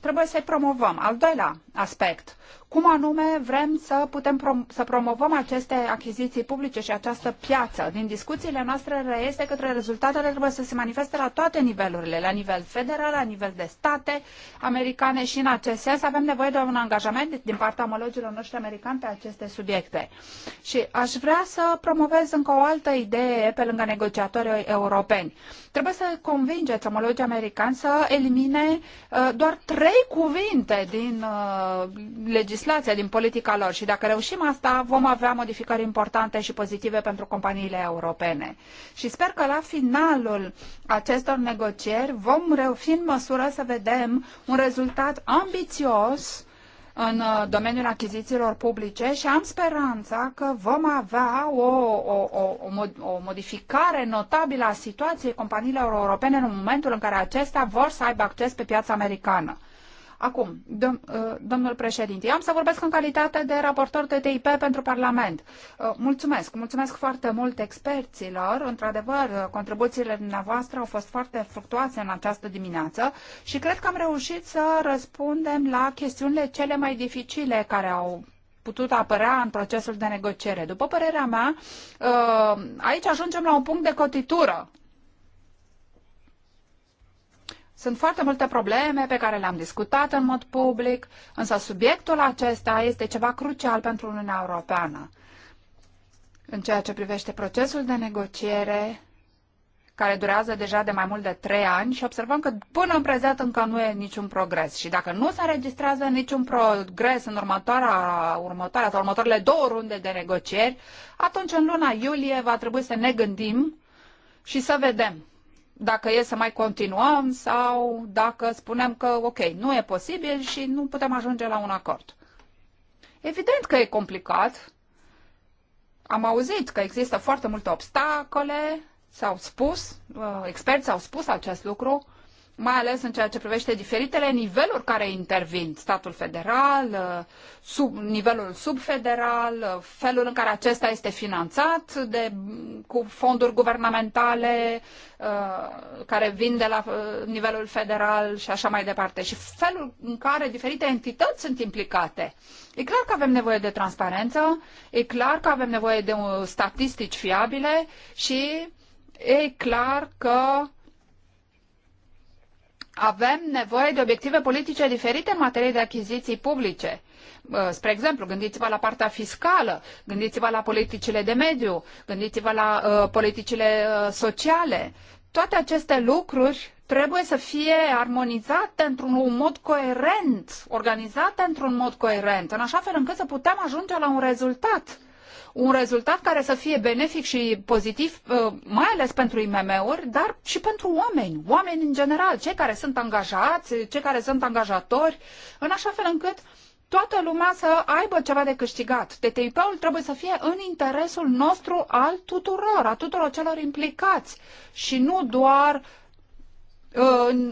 trebuie să-i promovăm. Al doilea aspect. Cum anume vrem să putem prom- să promovăm aceste achiziții publice și această piață? Din discuțiile noastre reiese către rezultatele trebuie să se manifeste la toate nivelurile, la nivel federal, la nivel de state americane și în acest sens avem nevoie de un angajament din partea omologilor noștri americani pe aceste subiecte. Și aș vrea să promovez încă o altă idee pe lângă negociatorii europeni. Trebuie să convingeți omologii americani să elimine uh, doar trei cuvinte din uh, Uh, legislația, din politica lor și dacă reușim asta, vom avea modificări importante și pozitive pentru companiile europene. Și sper că la finalul acestor negocieri vom fi în măsură să vedem un rezultat ambițios în uh, domeniul achizițiilor publice și am speranța că vom avea o, o, o, o modificare notabilă a situației companiilor europene în momentul în care acestea vor să aibă acces pe piața americană. Acum, uh, domnul președinte, eu am să vorbesc în calitate de raportor de TIP pentru Parlament. Uh, mulțumesc, mulțumesc foarte mult experților. Într-adevăr, uh, contribuțiile dumneavoastră au fost foarte fructuoase în această dimineață și cred că am reușit să răspundem la chestiunile cele mai dificile care au putut apărea în procesul de negociere. După părerea mea, aici ajungem la un punct de cotitură sunt foarte multe probleme pe care le-am discutat în mod public, însă subiectul acesta este ceva crucial pentru Uniunea Europeană. În ceea ce privește procesul de negociere, care durează deja de mai mult de trei ani și observăm că până în prezent încă nu e niciun progres. Și dacă nu se înregistrează niciun progres în următoarea, următoarea sau următoarele două runde de negocieri, atunci în luna iulie va trebui să ne gândim și să vedem dacă e să mai continuăm sau dacă spunem că, ok, nu e posibil și nu putem ajunge la un acord. Evident că e complicat. Am auzit că există foarte multe obstacole, s-au spus, uh, experți au spus acest lucru, mai ales în ceea ce privește diferitele niveluri care intervin, statul federal, uh, sub, nivelul subfederal, uh, felul în care acesta este finanțat de, cu fonduri guvernamentale uh, care vin de la nivelul federal și așa mai departe, și felul în care diferite entități sunt implicate. E clar că avem nevoie de transparență, e clar că avem nevoie de statistici fiabile și e clar că avem nevoie de obiective politice diferite în materie de achiziții publice. Uh, spre exemplu, gândiți-vă la partea fiscală, gândiți-vă la politicile de mediu, gândiți-vă la uh, politicile uh, sociale. Toate aceste lucruri trebuie să fie armonizate într-un mod coerent, organizate într-un mod coerent, în așa fel încât să putem ajunge la un rezultat un rezultat care să fie benefic și pozitiv, uh, mai ales pentru IMM-uri, dar și pentru oameni, oameni în general, cei care sunt angajați, cei care sunt angajatori, în așa fel încât toată lumea să aibă ceva de câștigat. TTIP-ul trebuie să fie în interesul nostru al tuturor, a tuturor celor implicați și nu doar uh,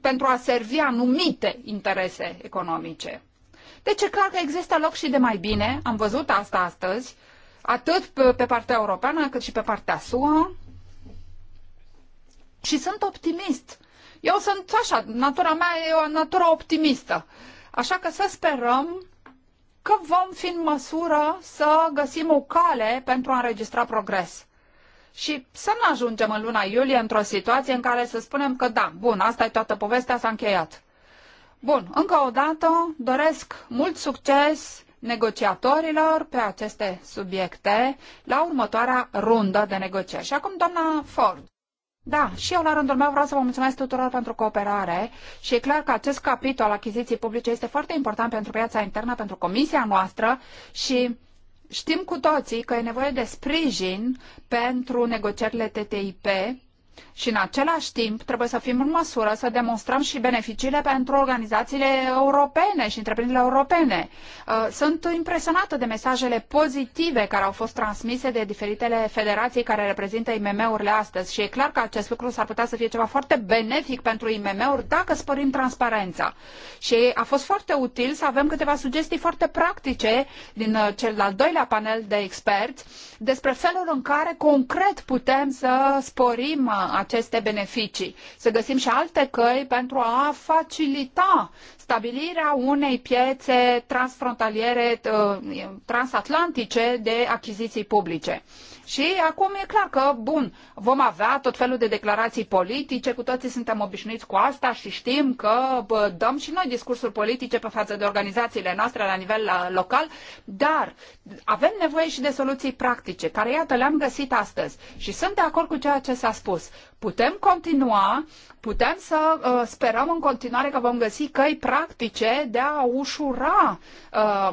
pentru a servi anumite interese economice. Deci e clar că există loc și de mai bine, am văzut asta astăzi, atât pe, pe partea europeană cât și pe partea SUA și sunt optimist. Eu sunt așa, natura mea e o natură optimistă. Așa că să sperăm că vom fi în măsură să găsim o cale pentru a înregistra progres. Și să nu ajungem în luna iulie într-o situație în care să spunem că da, bun, asta e toată povestea, s-a încheiat. Bun, încă o dată doresc mult succes negociatorilor pe aceste subiecte la următoarea rundă de negocieri. Și acum, doamna Ford. Da, și eu la rândul meu vreau să vă mulțumesc tuturor pentru cooperare și e clar că acest capitol al achiziției publice este foarte important pentru piața internă, pentru comisia noastră și știm cu toții că e nevoie de sprijin pentru negocierile TTIP și în același timp trebuie să fim în măsură să demonstrăm și beneficiile pentru organizațiile europene și întreprinderile europene. Uh, sunt impresionată de mesajele pozitive care au fost transmise de diferitele federații care reprezintă IMM-urile astăzi și e clar că acest lucru s-ar putea să fie ceva foarte benefic pentru IMM-uri dacă spărim transparența. Și a fost foarte util să avem câteva sugestii foarte practice din uh, cel al doilea panel de experți despre felul în care concret putem să sporim uh, aceste beneficii, să găsim și alte căi pentru a facilita stabilirea unei piețe transfrontaliere, uh, transatlantice de achiziții publice. Și acum e clar că, bun, vom avea tot felul de declarații politice, cu toții suntem obișnuiți cu asta și știm că bă, dăm și noi discursuri politice pe față de organizațiile noastre la nivel local, dar avem nevoie și de soluții practice, care iată le-am găsit astăzi. Și sunt de acord cu ceea ce s-a spus putem continua, putem să uh, sperăm în continuare că vom găsi căi practice de a ușura uh,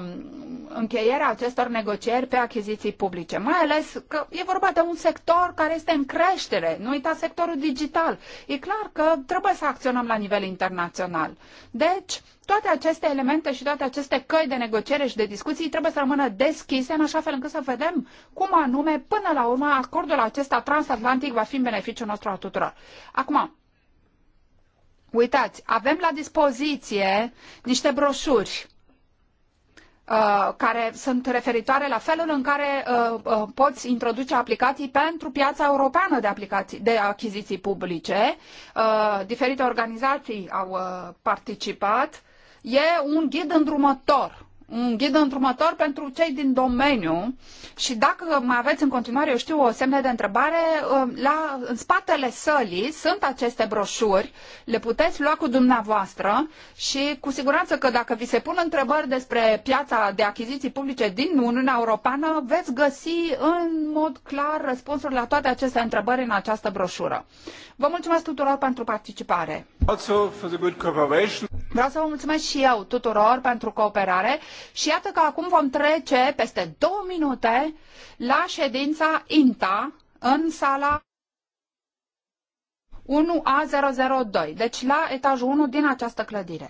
încheierea acestor negocieri pe achiziții publice. Mai ales că e vorba de un sector care este în creștere. Nu uita sectorul digital. E clar că trebuie să acționăm la nivel internațional. Deci, toate aceste elemente și toate aceste căi de negociere și de discuții trebuie să rămână deschise în așa fel încât să vedem cum anume, până la urmă, acordul acesta transatlantic va fi în beneficiul nostru a tuturor. Acum, uitați, avem la dispoziție niște broșuri uh, care sunt referitoare la felul în care uh, uh, poți introduce aplicații pentru piața europeană de, aplicații, de achiziții publice. Uh, diferite organizații au uh, participat e un ghid îndrumător un ghid îndrumător pentru cei din domeniu și dacă mai aveți în continuare, eu știu, o semne de întrebare, um, la, în spatele sălii sunt aceste broșuri, le puteți lua cu dumneavoastră și cu siguranță că dacă vi se pun întrebări despre piața de achiziții publice din Uniunea Europeană, veți găsi în mod clar răspunsuri la toate aceste întrebări în această broșură. Vă mulțumesc tuturor pentru participare. Vreau să vă mulțumesc și eu tuturor pentru cooperare și iată că acum vom trece peste două minute la ședința INTA în sala 1A002, deci la etajul 1 din această clădire.